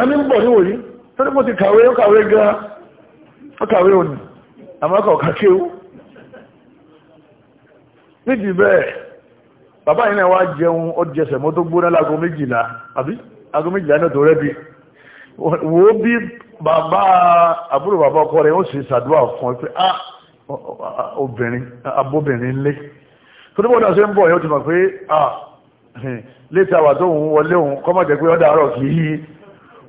ẹ́ ń torí mo ti kàwé ó kàwé gan ó kàwé òní àmọ́kọ̀ kàkéwú nídìí bẹ́ẹ̀ bàbá yìí náà wá jẹun ó jẹsẹ̀ mọ́ tó gbóná lágo méjìlá àbí ago méjìlá náà tó rẹ́bi wo bí bàbá àbúrò bàbá ọkọ rẹ̀ ó sì ṣàdúrà fún pé ah obìnrin abóbìnrin lé torí bọ́dà ṣe ń bọ̀ yóò ti mọ̀ pé ah létà wà tóun wọlé òun kọ́mọ̀jẹ̀ pé ọ̀dà àárọ̀ kì í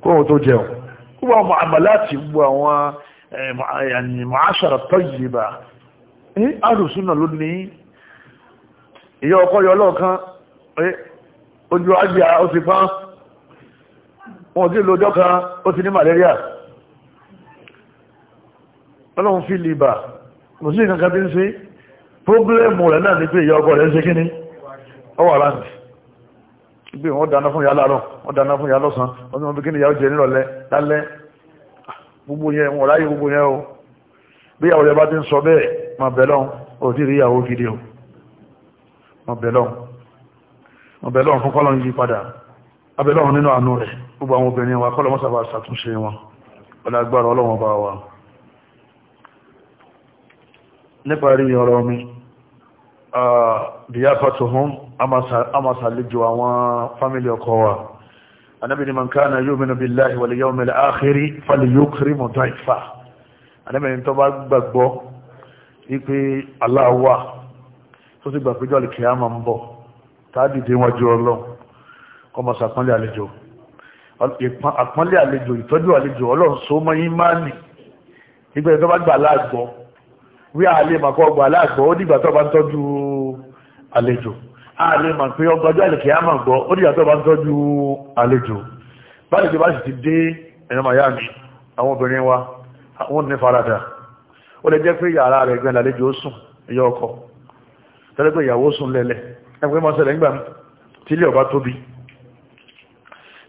kóhun tó jẹun gbogbo àwọn àmàláàtì gbogbo àwọn eh, ma'ashara tayyiba ní àrùsúnà ló ní ìyá ọkọ yọ lọ́ọ̀kan ojú ajá ó ti pán wọn tí lójọ́ kan ó ti ní malaria ọlọ́run fi lìbà kò sí ìkankan tí ń sí pọ́blẹ́mù rẹ̀ náà ní pé ìyá ọkọ rẹ̀ ń ṣe kíní ọwọ́ aláǹtì ibi wọn dáná fún ya láàárọ̀ wọn dáná fún ya lọ́sàn wọn tún bí kí ni ìyàwó jẹ nírọ̀lẹ́ lálẹ́ gbogbo yẹn wọn ráyè gbogbo yẹn o bí ìyàwó rẹ bá ti ń sọ bẹ́ẹ̀ mà bẹ̀ lọ́hùn ò tí ì rí ìyàwó gidi o mà bẹ̀ lọ́hùn mà fún kọ́lọ́n yí padà abẹ́ nínú àánú rẹ̀ gbogbo àwọn obìnrin wa kọ́lọ́ mọ́sàbà ṣàtúnṣe wọn wọn agbára ọlọ́wọ́n bá wa níparí ọ̀rọ̀ mi Ah, diyafatuhum ama sàlejò àwọn fámílì ọkọ wa anábì ni man kana yu'minu billahi wal yawmil akhiri falyukrim dayfa anábì ni tó bá gbàgbọ́ wípé Allah wà tó sì gbà péjọ́ alìkìyàmà ń bọ̀ tàbídé wájú ọlọ́run kọmọ sàpọ́nlé àlejò àpọ́nlé àlejò ìtọ́jú àlejò ọlọ́run só mọ́ yín máa nì nígbà tó bá gbà wí àlè màkọ́ gbọ́ aláàgbọ́ ó dìgbà tó bá ń tọ́jú àlejò àlè mà pé ọgbọ́jọ́ àlè kìí àmà gbọ́ ó dìgbà tó bá ń tọ́jú àlejò báyìí bá sì ti dé ẹ̀yàn màyá mi àwọn obìnrin wa wọ́n ní faradà ó lè jẹ́ pé yàrá rẹ̀ gan lálejò ó sùn ẹ̀yọ ọkọ tẹ́lẹ̀ pé ìyàwó sùn lẹ́lẹ̀ ẹgbẹ́ máa ṣẹlẹ̀ nígbà tí ilé ọba tóbi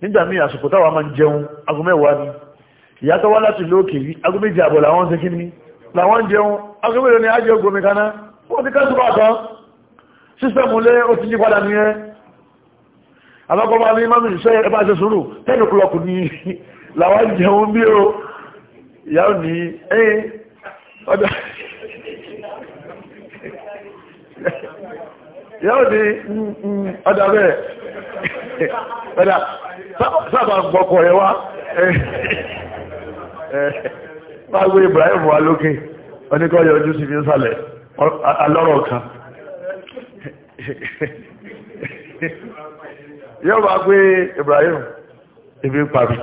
nígbà míì àsìkò táwa máa ń jẹun ago mẹ́wàá ni ìyá tó wá láti lóòkè yìí ago méjì àbọ̀ làwọn ṣe kí ni làwọn jẹun agbẹ́bẹ̀rẹ̀ ni ajẹ́ ogomi kaná ó ti kẹ́sùbà tán sísẹ̀mù lé ó ti yípadà ní ẹ́ alákọ́bá ní mọ́mí iṣẹ́ ẹbá ṣe sùúrù tẹ́lù kúlọ̀kù ní làwọn jẹun bí o ìyàwó ní ẹyìn ọjọ́ ìyàwó ní ọjà bẹ́ẹ̀ ọjà sábà gbọ́kọ̀ ẹ̀ wá ẹ̀ bá gbé Ibrahim wà lókè oníkọ́yọ̀ ojú sí fi ń sàlẹ̀ alọ́rọ̀ kan yóò bá gbé Ibrahim ibi pàbí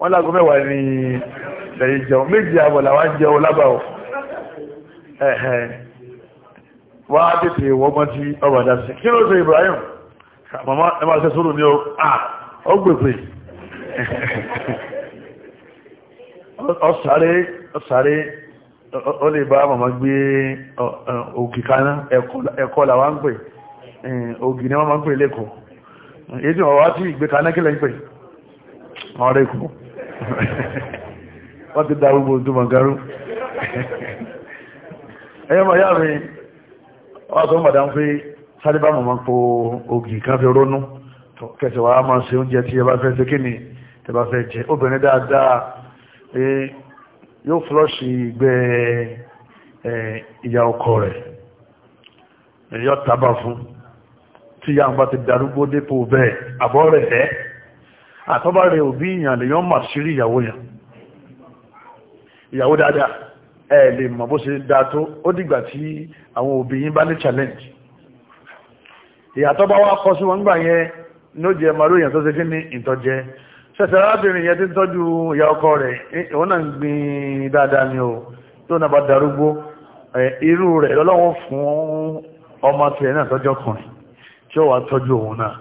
wọ́n lágọ́ mẹ́wàá ní lẹ́yìn jẹun méjì àbọ̀ làwọn jẹun lábàá wá tètè wọ́gbọ́n tí ọba dá sí kí ló ṣe Ibrahim mama ẹ máa ṣe sùúrù ní o ó gbèpè ọ̀sàrẹ́ ọ̀sàrẹ́ ó lè bá màmá gbé ògì kaná ẹ̀kọ́ làwá ń pè ògì ni wọ́n máa ń pè lẹ́kọ̀ọ́ èyí tí wọ́n wá sí ìgbé kaná kílẹ̀ ń pè ọ̀rẹ́ kù wọ́n ti darúgbò tó mọ̀gárú ẹ̀yọ́ mọ̀ yá mi wọ́n tó mọ̀dá ń pé sáré bá máa ṣe oúnjẹ tí ẹ bá fẹ́ ṣe kí ni tẹ fẹ́ jẹ obìnrin dáadáa yóò flush ìgbẹ́ ìyá ọkọ rẹ̀ yóò tábà fún tí ìyá àwọn bá ti darúgbó dépò bẹ́ẹ̀ àbọ̀ rẹ̀ ẹ́ àtọ́bá rẹ̀ òbí ìyàn lè yọ́n mà sírí ìyàwó yàn ìyàwó dáadáa ẹ lè mọ̀ bó ṣe dáa tó ó dìgbà tí àwọn òbí yín bá ní challenge ìyàtọ́bá wa kọ sí wọn gbà yẹn ní ó jẹ màrú èèyàn tó ṣe kí ní ìtọ́jẹ ṣẹ̀ṣẹ̀ arábìnrin yẹn tí ń tọ́jú ìyá ọkọ rẹ̀ òun náà ń gbin dáadáa ni o tó náà bá darúgbó irú rẹ̀ lọ́lọ́wọ́ fún ọmọ tiẹ̀ náà tọ́jú ọkùnrin tí ó wà tọ́jú òun náà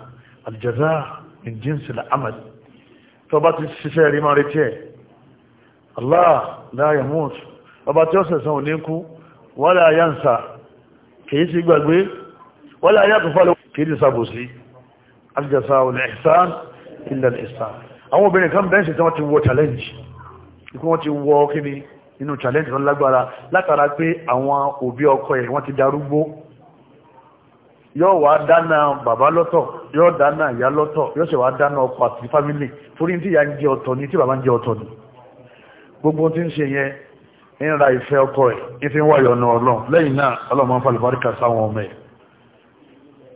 àlùjẹ́sà ìjínsìn ahmed tó bá ti ṣiṣẹ́ rí máa retí ẹ̀ allah láyé mood ọba tí ó sẹ̀sán ò ní kú wala yansa kìí sí gbàgbé wala yàtọ̀ fọ́lọ́ kìí ti sàbòsí àlùjẹ́sà ò ní ihsan illa àwọn obìnrin kan bẹ́ẹ̀sì tí wọ́n ti wọ challenge ikú wọ́n ti wọ kíni inú challenge wọn lágbára látara pé àwọn òbí ọkọ ẹ̀ wọ́n ti darúgbó yóò wá dáná bàbá lọ́tọ̀ yóò dáná ìyá lọ́tọ̀ yóò sì wá dáná ọkọ àti fámílì torí tí ìyá ń jẹ ọ̀tọ̀ ni tí bàbá ń jẹ ọ̀tọ̀ ni gbogbo tí ń ṣe yẹn ń ra ìfẹ́ ọkọ ẹ̀ ń fi ń wáyọ̀ ọ̀nà ọlọ́run lẹ́yìn náà ọlọ́run máa ń falùbáríkà sáwọn ọmọ ẹ̀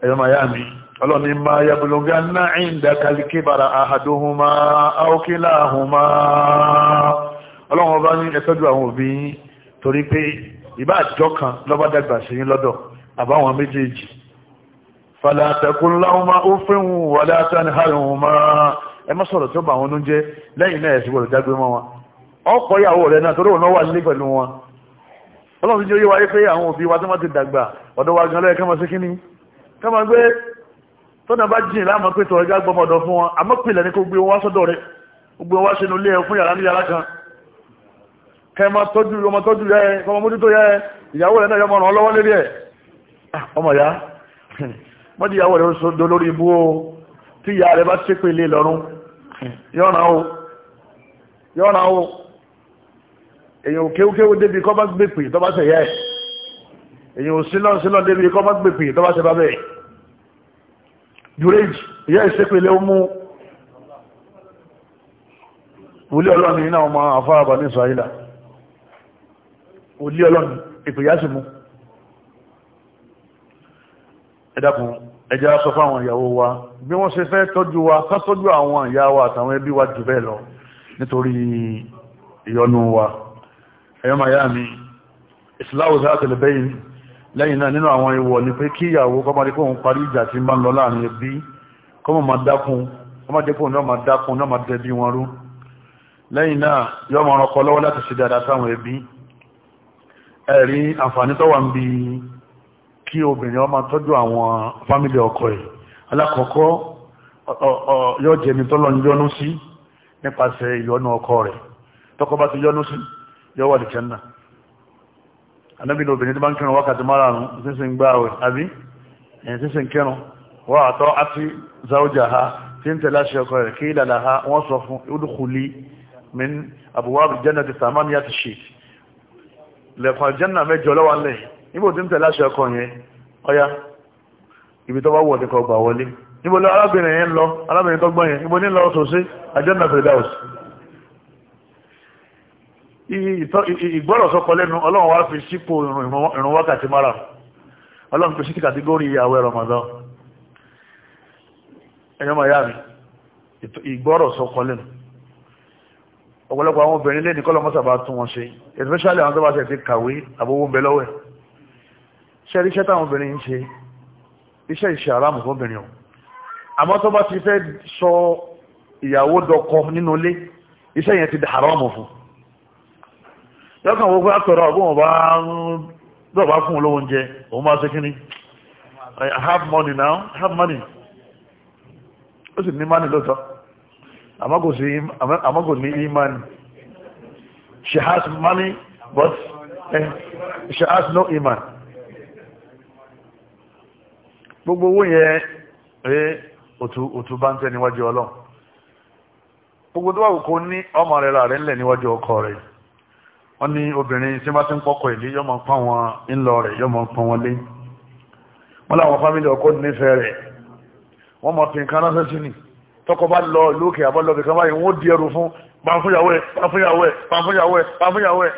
ẹ̀yọ́ màyá mi ọlọ́ni ma yabuluga náà ìndà kalikibara ahaduhuma aukilahuma ọlọ́run ọba ní ẹ̀tọ́jú àwọn òbí torí pé ìbá àjọ kan lọ́bá dàgbà sí lọ́dọ̀ àbáwọn méjèèjì fàlàtàkùnláhùnmá ó fẹ́hùn wà látàní hàrùnmá ẹ má sọ̀rọ̀ tí ó bà wọn ló ń jẹ́ lẹ́yìn náà ẹ̀sìn gbọ́dọ̀ dágbé mọ́ wọn ọkọ ìyàwó rẹ̀ náà torí òun wà nílé pẹ̀lú wọn ọlọ́run ti jẹ́ yé wáyé pé àwọn òbí wa tó má ti dàgbà ọ̀dọ̀ wa gan lọ́yẹ ká máa ṣe kíní ká máa gbé tọ́nà bá jìn láàmọ́ pé tọ̀rọ̀ já gbọmọ̀ ọ̀dọ̀ fún wọn àmọ́pìlẹ̀ ní kó gbé wá sọ́dọ̀ rẹ̀ gbé wá sínú ilé ẹ fún yàrá ní yàrá kan kẹmọ tọ́jú ọmọ tọ́jú rẹ̀ ọmọ mójú tó yẹ ìyàwó rẹ̀ náà yọmọ ràn lọ́wọ́ lérí ẹ̀ ah, ọmọ ya mọ́dí ìyàwó rẹ̀ sọ do lórí ibú o tí ìyá rẹ̀ bá ṣépè lé lọ́rùn yọ̀nà o yọ̀nà o èyàn kéwkéwó débi kọ́ bá gbèpè tọ́ bá ṣe yẹ èyàn ò sílọ̀ sílọ̀ débi kọ́ bá gbèpè tọ́ bá ṣe bá bẹ́ẹ̀ jùrèjì ìyá ìṣẹ́pẹ̀lẹ̀ ó mú wòlé ọlọ́ni iná ọmọ àfáàbà ní ìsọ̀hílà wòlé ọlọ́ni ìpìyà sí mú ẹ̀dàkùn ẹjá sọ fáwọn ìyàwó wa bí wọ́n ṣe fẹ́ tọ́jú wa ká tọ́jú àwọn ìyá wa àtàwọn ẹbí wa jù bẹ́ẹ̀ lọ nítorí ìyọnu wa ẹ̀yọ́ lẹ́yìn náà nínú àwọn ìwọ̀ ni pé kí ìyàwó kọ́ máa dé fóun parí ìjà tí máa ń lọ láàrin ẹbí kọ́ mọ̀ máa dákun kọ́ máa dé fóun náà máa dákun náà máa dẹbí wọn rú lẹ́yìn náà yọ́ máa ràn kọ́ lọ́wọ́ láti ṣe dáadáa sáwọn ẹbí ẹ̀rí àǹfààní tó wà ń bi kí obìnrin ó tọ́jú àwọn fámìlì ọkọ ẹ̀ alákọ̀ọ́kọ́ yóò jẹ́ ẹni tọ́lọ́ ń yọ́nú sí nípasẹ̀ ìyọ́nú ọkọ rẹ̀ tọ́kọ bá ti yọ́nú sí yọ́ wà lìjẹ́ náà anábìlì obìnrin tó bá ń kírun wákàtí márùn-ún sínsìn gbáwẹ̀ àbí ẹ̀yìn sínsìn kírun wọ́n àtọ́ àti zaújà ha tí ń tẹ̀lá ṣe ọkọ̀ rẹ̀ kí ìlàlá ha wọ́n sọ fún ìdúkùlí min àbúwá jẹ́nà ti sàmánì àti ṣèkì lẹ́kọ̀ọ́ jẹ́nà mẹ́jọ lọ́wọ́ ńlẹ̀ níbo tí ń ìgbọ́rọ̀ sọ́kọ lẹ́nu ọlọ́run wá fi sípò ìrun wákàtí mara ọlọ́run fi sí kàtígórí àwẹ̀ Ramadan ẹ̀yọ́ maya mi ìgbọ́rọ̀ sọ́kọ lẹ́nu ọ̀pọ̀lọpọ̀ àwọn obìnrin lé nìkọ́lọ̀ mọ́sàbá tún wọn especially àwọn tó bá ṣe ti kàwé àbówó bẹ lọ́wẹ́ ṣe rí iṣẹ́ táwọn obìnrin ń ṣe iṣẹ́ ìṣe àrámù fún obìnrin o àmọ́ yọ́kàn wọ́n àtọ̀rọ̀ ọgbọ́n bá ń bá fún olówó oúnjẹ òun máa ṣe kíní I have money now I have money ó sì ní money lọ́tọ̀ àmọ́ kò ní imani she has money but eh, she has no iman gbogbo owó yẹn ẹ eh, òtù bá ń tẹ́ níwájú gbogbo tó wà kò ní ọmọ wọ́n ní obìnrin tí wọ́n ti ń pọ́kọ̀ ìlé yọ́ máa pọ́n wọn ńlọ rẹ̀ yọ́ máa pọ́n wọn lé wọ́n láwọn fámílì ọkọ nífẹ̀ẹ́ rẹ̀ wọ́n máa fi nǹkan ránṣẹ́ sí ni tọkọ bá lọ lókè àbọ́lọ́bì kan báyìí wọ́n di ẹrù fún pàfúnyàwó ẹ̀ pàfúnyàwó ẹ̀ pàfúnyàwó ẹ̀ pàfúnyàwó ẹ̀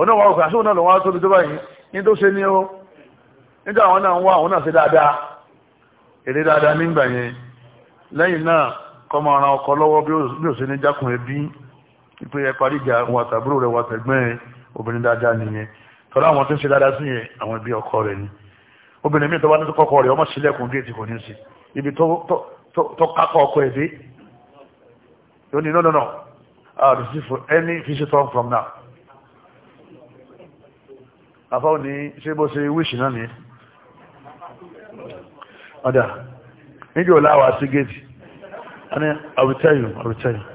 ọ̀nà wà òkè àṣíwọ̀n náà lọ́wọ́ tóbi tó báyìí ní tó ṣe ní ó nígbà àwọn náà ń wá àwọn pé ẹ parí ìjà wọn àtàbúrò rẹ̀ wọn àtẹ̀gbọ́n obìnrin dáadáa nìyẹn tọ́lá àwọn tó ń ṣe dáadáa sí yẹn àwọn ẹbí ọkọ rẹ̀ ni obìnrin mi tó bá ní tó kọ́kọ́ rẹ̀ ọmọ sílẹ̀kùn géètì kò ní sí ibi tó kákọ́ ọkọ ẹ̀ dé ó ní no no no I receive for any visitor from now àfáwọn ní ṣé bó ṣe wíṣì náà nìyẹn ọ̀dà níjọ́ láwàá sí géètì I will tell you I will tell you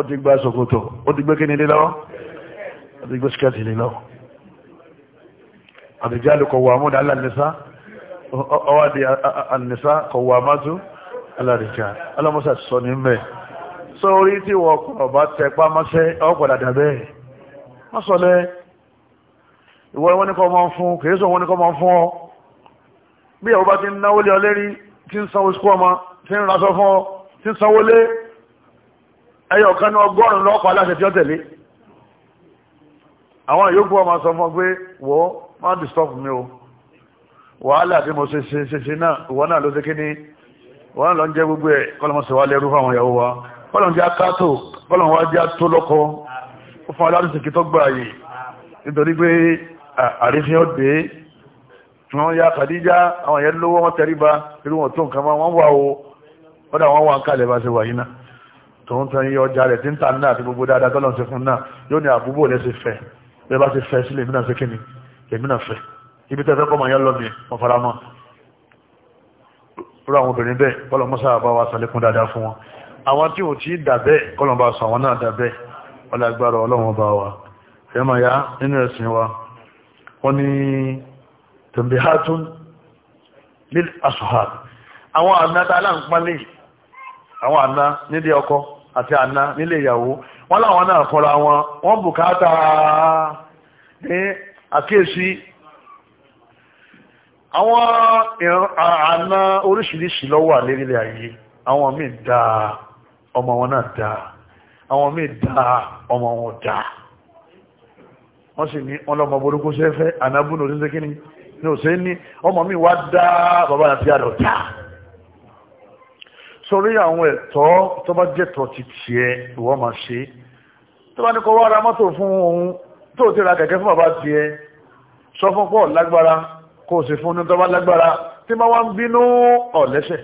ó ti gbá ṣòkòtò ó ti gbé kí ni lé lọ́wọ́ ó ti gbé ṣíkẹ́tì lé lọ́wọ́ àdìjálù kọ̀ wà múdà alànìsá ọwá di alànìsá kọ̀ wà mátú alàdìjá alámọ́sà sọ ní mẹ́ sórí tí wọ́n kọ̀ bá tẹpá mọ́sẹ́ ọ̀pọ̀dà dàbẹ́ mọ́sọ̀lẹ́ ìwọ wọn ní kọ́ máa ń fún kìí sọ wọn ní kọ́ máa ń fún ọ bí ìwọ bá ti ń náwó lé ọ lérí tí ń sanwó sí kọ́ ọmọ tí ẹyọ kan ní ọgọ́rùn-ún lọ́pọ̀ aláṣẹ tí ó tẹ̀lé àwọn yòókù ọmọ sọ fún ọ pé wọ́ má disturb mi o wàhálà tí mo ṣe ṣe ṣe náà ìwọ náà ló ṣe kí ni wọ́n náà lọ ń jẹ́ gbogbo ẹ̀ kọ́lọ́mọṣẹ́ wa lẹ́rú fáwọn ìyàwó wa kọ́lọ́n jẹ́ akátó kọ́lọ́n wá jẹ́ tó lọ́kọ ó fún aláàrùn sìkì tó gbà yìí nítorí pé wọ́n ya Kàdíjà àwọn ìyẹn lówó wọn tẹríba irú wọn tó nǹkan wọn wà o wọ́n wọ́n wà ń kalẹ̀ bá ṣe wà yìí tòun tán yọ ọjà rẹ̀ tí ń ta náà àti gbogbo dáadáa tọ́lọ́ ṣe fún náà yóò ní àbúbò lẹ́ ṣe fẹ́ bẹ́ẹ̀ bá ṣe fẹ́ sílẹ̀ èmi náà ṣe kíni èmi náà fẹ́ ibi tẹ́fẹ́ kọ́ màá yọ lọ́mí wọn fara mọ́ rú àwọn obìnrin bẹ́ẹ̀ kọ́lọ̀ mọ́sá bá wa sàlékún dáadáa fún wọn àwọn tí ò tí dà bẹ́ẹ̀ kọ́lọ̀ bá sọ àwọn náà dà bẹ́ẹ̀ ọlágbára ọlọ́run bá wa ẹ máa yá nínú ẹ̀sìn àwọn àna nídìí ọkọ̀ àti àná nílé ìyàwó wọ́n láwọn náà kọ́ra wọn wọ́n bùkátà ní àkíyèsí àwọn àná oríṣiríṣi ló wà lérílẹ̀ ayé àwọn míì dáa ọmọ wọn náà dáa àwọn míì dáa ọmọ wọn dáa wọ́n sì ní ọlọ́mọ burúkú sẹ́fẹ́ ànábùnú òṣèṣẹ́ kínní ní òṣèṣẹ́ ní ọmọ míì wá dáa bàbá àti àdọ̀ sórí àwọn ẹ̀tọ́ tó bá jẹ́tọ̀ ti tiẹ̀ ìwọ máa ṣe tó bá ní kó wá ra mọ́tò fún òun tó ti ra kẹ̀kẹ́ fún bàbá tiẹ̀ sọ fún pọ̀ lágbára kó o sì fún ní tó bá lágbára tí máa wá ń bínú ọ̀lẹ́sẹ̀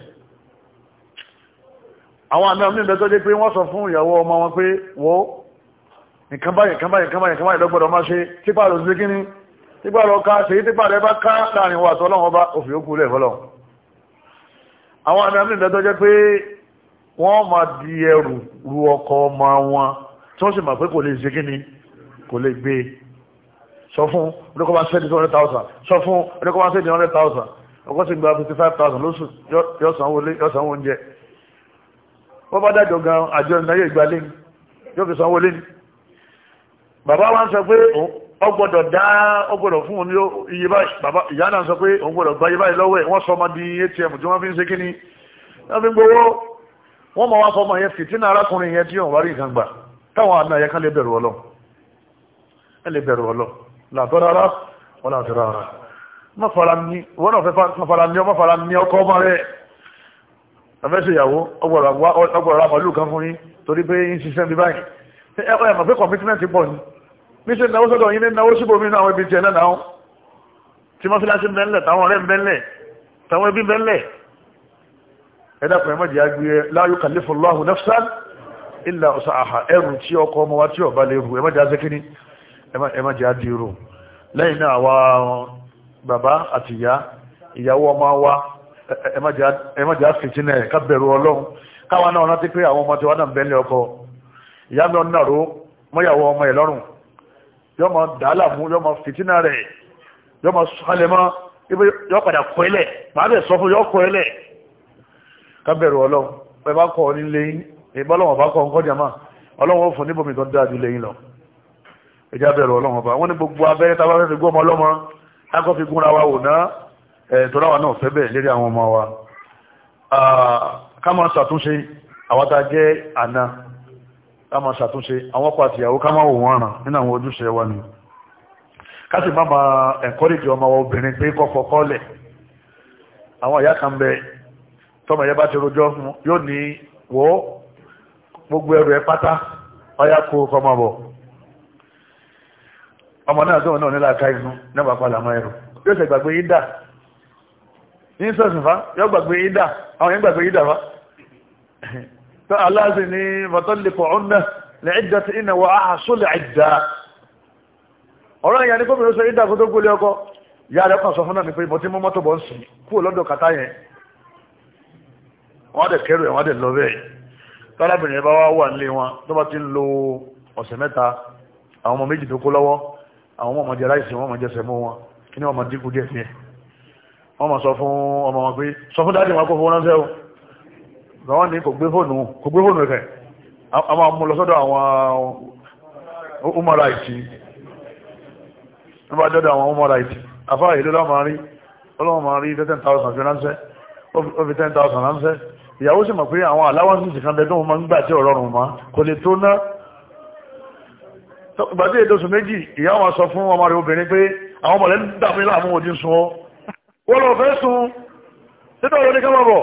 àwọn àmì àmì ìbẹ́tọ́ dé pé wọ́n sọ fún ìyàwó ọmọ wọn pé wo nǹkan báyìí nǹkan báyìí nǹkan báyìí nǹkan báyìí lọ́gbọ́dọ̀ máa ṣe típàrọ̀ sí kíní típàrọ̀ ká ṣèyí típàrọ̀ ẹ bá ká láàrin wa àtọ́lọ́wọ́n bá òfin ó kú fọlọ́wọ́ àwọn àmì ìbẹ̀tọ́ jẹ́ pé wọ́n máa di ẹrù ru ọkọ ọmọ wọn tí wọ́n sì mọ̀ pé kò lè ṣe kíni kò lè gbé sọ fún oníkọ́bá sẹ́ni two hundred thousand sọ fún oníkọ́bá sẹ́ni hundred thousand ọkọ sì gba fifty five thousand lóṣù yọ̀ọ̀sán oúnjẹ wọ́n bá dájọ́ gan àjọ ìnáyẹ̀ ìgbàlẹ́ yóò fi sanwó lé ní bàbá wa ń sọ pé ó gbọ́dọ̀ dá ó gbọ́dọ̀ fún omi iye báyìí bàbá ìyá náà sọ pé òun gbọ́dọ̀ gba iye báyìí lọ́wọ́ ẹ̀ wọ́n sọ ọmọ di atm tí wọ́n fi ń ṣe kíni wọ́n fi ń gbowó wọ́n mọ̀ wá fọmọ yẹn fìtínà arákùnrin yẹn tí òun wá rí nǹkan gbà táwọn àna yẹn kan lè bẹ̀rù ọlọ́ ẹ lè bẹ̀rù ọlọ́ làbọ́ rárá wọn làbọ́ rárá má fara ní wọn náà fẹ́ fara ní ọ má fara ní ọkọ ọmọ rẹ ẹfẹsẹ ìyàwó ọgbọ̀rọ̀ ra màlúù kan fún yín torí pé yín ṣiṣẹ́ bí báyìí ẹ ẹ mọ̀ pé commitment pọ̀ ni bí ṣe náwó sọ́dọ̀ yìí ní náwó síbòmí náà àwọn ibi jẹ náà tí wọ́n fi láti bẹ́ńlẹ̀ táwọn ọ̀rẹ́ bẹ́ńlẹ̀ táwọn ẹbí bẹ́ńlẹ̀ ẹ̀dá pẹ̀lú mọ́jì agbé la yukallifu nafsan illa usaha ẹrù tí ọkọ̀ ọmọ wa tí ọba lè rù ẹmọ́jì azẹ́kíní ẹmọ́jì adìrò lẹ́yìn náà wa bàbá àti ìyá ìyàwó ọmọ wa ẹmọ́jì afẹ́jìnlẹ̀ kábẹ̀rù ọlọ́run káwa náà rántí pé àwọn ọmọ tí wọ́n náà bẹ́ńlẹ̀ ọkọ̀ ìyá mi ọ̀nà ró mọ́yàwó ọmọ ẹ̀ lọ́rùn yọ ma dàálà mú yọ ma fìtínà rẹ̀ yọ ma sọ́lẹ̀ mọ́ yọ padà kọ́ ẹlẹ̀ máa bẹ̀ sọ fún yọ kọ́ ẹlẹ̀ kábẹ̀rù ọlọ́run ẹ bá kọ́ ní lẹ́yìn ìbọ́lọ́wọ̀n bá kọ́ nǹkan jàmá ọlọ́run fún níbomi tó dáa ju lẹ́yìn lọ ẹjá bẹ̀rù ọlọ́run bá wọ́n ní gbogbo abẹ́rẹ́ tá a bá fẹ́ fi gún ọmọ ọlọ́mọ lákọ́ fi gúnra wa wò náà ẹ̀ tó láwa náà fẹ́ bẹ̀ lérí àwọn ọmọ wa ká máa ṣàtúnṣe àwọn tá a jẹ́ àna ká ma ṣàtúnṣe àwọn ọkọ àti ìyàwó ká máa wò wọ́n ràn nínú àwọn ojúṣe wa ni ká sì máa ẹ̀kọ́rìjì ọmọ obìnrin pé kọ́kọ́ kọ́lẹ̀ àwọn ìyá kan bẹ tọmọ bá ti rojọ́ yóò ní gbogbo ẹrù ẹ pátá ọyá kó kọmọ ọmọ náà tó náà nílá ká inú nípa aláàzì ní mọ̀tọ́lẹ̀kọ̀ ọ̀nà ní ìdá tí ìnà wà áhà sólè ìdá ọ̀rọ̀ ìyá ní gómìnà sọ ìdá kó tó gbólé ọkọ ìyá rẹ̀ kan sọ fún náà ní pé mo ti mú mọ́tò bọ́ ń sìn kúrò lọ́dọ̀ kàtá yẹn wọ́n dẹ̀ kẹrù ẹ̀ wọ́n dẹ̀ lọ bẹ́ẹ̀ tálábìnrin bá wá wà nílé wọn tó bá ti ń lo ọ̀sẹ̀ mẹ́ta àwọn ọmọ méjì tó kó lọ́wọ́ àwọn ọmọ ọmọdé aláìsí wọn ọmọdé ẹsẹ̀ mú wọn kí ni ọmọ dínkù díẹ̀ díẹ̀ wọ́n mọ̀ sọ fún ọmọ wọn pé sọ fún dáàdì wọn kó fún wọn ránṣẹ́ o àwọn ní kò gbé fóònù kò gbé fóònù rẹ̀ a máa mú lọ sọ́dọ̀ àwọn umarite nígbà jọ́dọ̀ àwọn umarite afá ìlú lọ́màárí ọlọ́màárí 10,000 fi ránṣẹ́ ó fi 10,000 ránṣẹ́ ìyàwó sì mọ̀ pé àwọn aláwọ̀nsì ti kan bẹ́ẹ̀ tó máa ń gbà tí ọ̀rọ̀ rùn mọ́ kò lè tó ná gbàdé ìdóṣù méjì ìyá wọn sọ fún ọmọ rẹ̀ obìnrin pé àwọn mọ̀lẹ́ ń dàmí láàmú òdì sun ó wọ́n lọ fẹ́ sun títọ́ ìrọ̀lẹ́kẹ́ bọ̀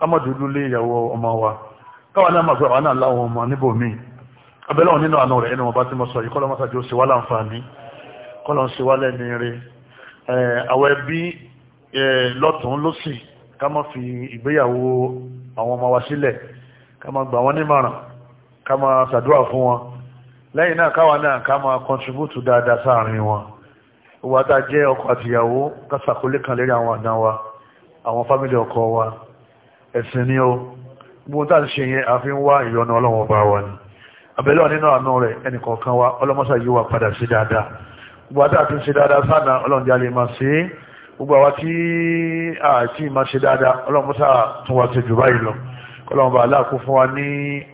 kámọ̀dúdú lé ìyàwó ọmọ wa káwọn náà màgbé àwọn náà láwọn ọmọ níbò míì abẹ́lẹ́wọ̀n nínú àánú rẹ̀ ẹni wọn bá ti mọ̀ sọ yìí kọ́lọ́ mọ́sàájú ó sì wá láǹfààní kọ́lọ́ ń sì wá lẹ́ni rẹ̀ àwọn ẹbí lọ́tún lọ́sì ká má fi ìgbéyàwó àwọn ọmọ wa sílẹ̀ ká má gbà wọ́n nímọ̀ràn ká má ṣàdúrà fún wọn lẹ́yìn náà káwa náà ká má kọntribútù dáadáa sáàrin wọn owó àtàjẹ́ ọkọ àtìyàwó ká ṣàkólé kan lérí àwọn àdán wa àwọn fámìlì ọkọ wa ẹ̀sìn ni ó gbogbo tá à ń ṣe yẹn àfi ń wá ìyọnu ọlọ́run ọba wa ni àbẹ̀lẹ̀ nínú àánú rẹ̀ ẹnìkọ̀ọ̀kan wa ọlọ́mọ́sá yìí wà padà sí dáadáa gbogbo àti àti ṣe dáadáa sáànà ọlọ́run jalè máa ṣe é gbogbo àwa tí àti máa ṣe dáadáa ọlọ́mọ́sá tún wá ṣe jù báyìí lọ ọlọ́run bá aláàkó fún wa ní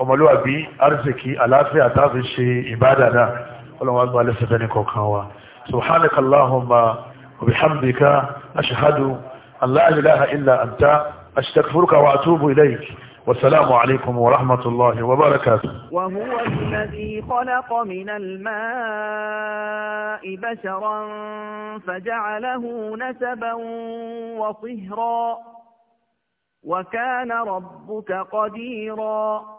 ọmọlúwàbí arzikí àlàáfíà táàfi ṣe ìbádà náà أستغفرك وأتوب إليك والسلام عليكم ورحمة الله وبركاته وهو الذي خلق من الماء بشرا فجعله نسبا وصهرا وكان ربك قديرا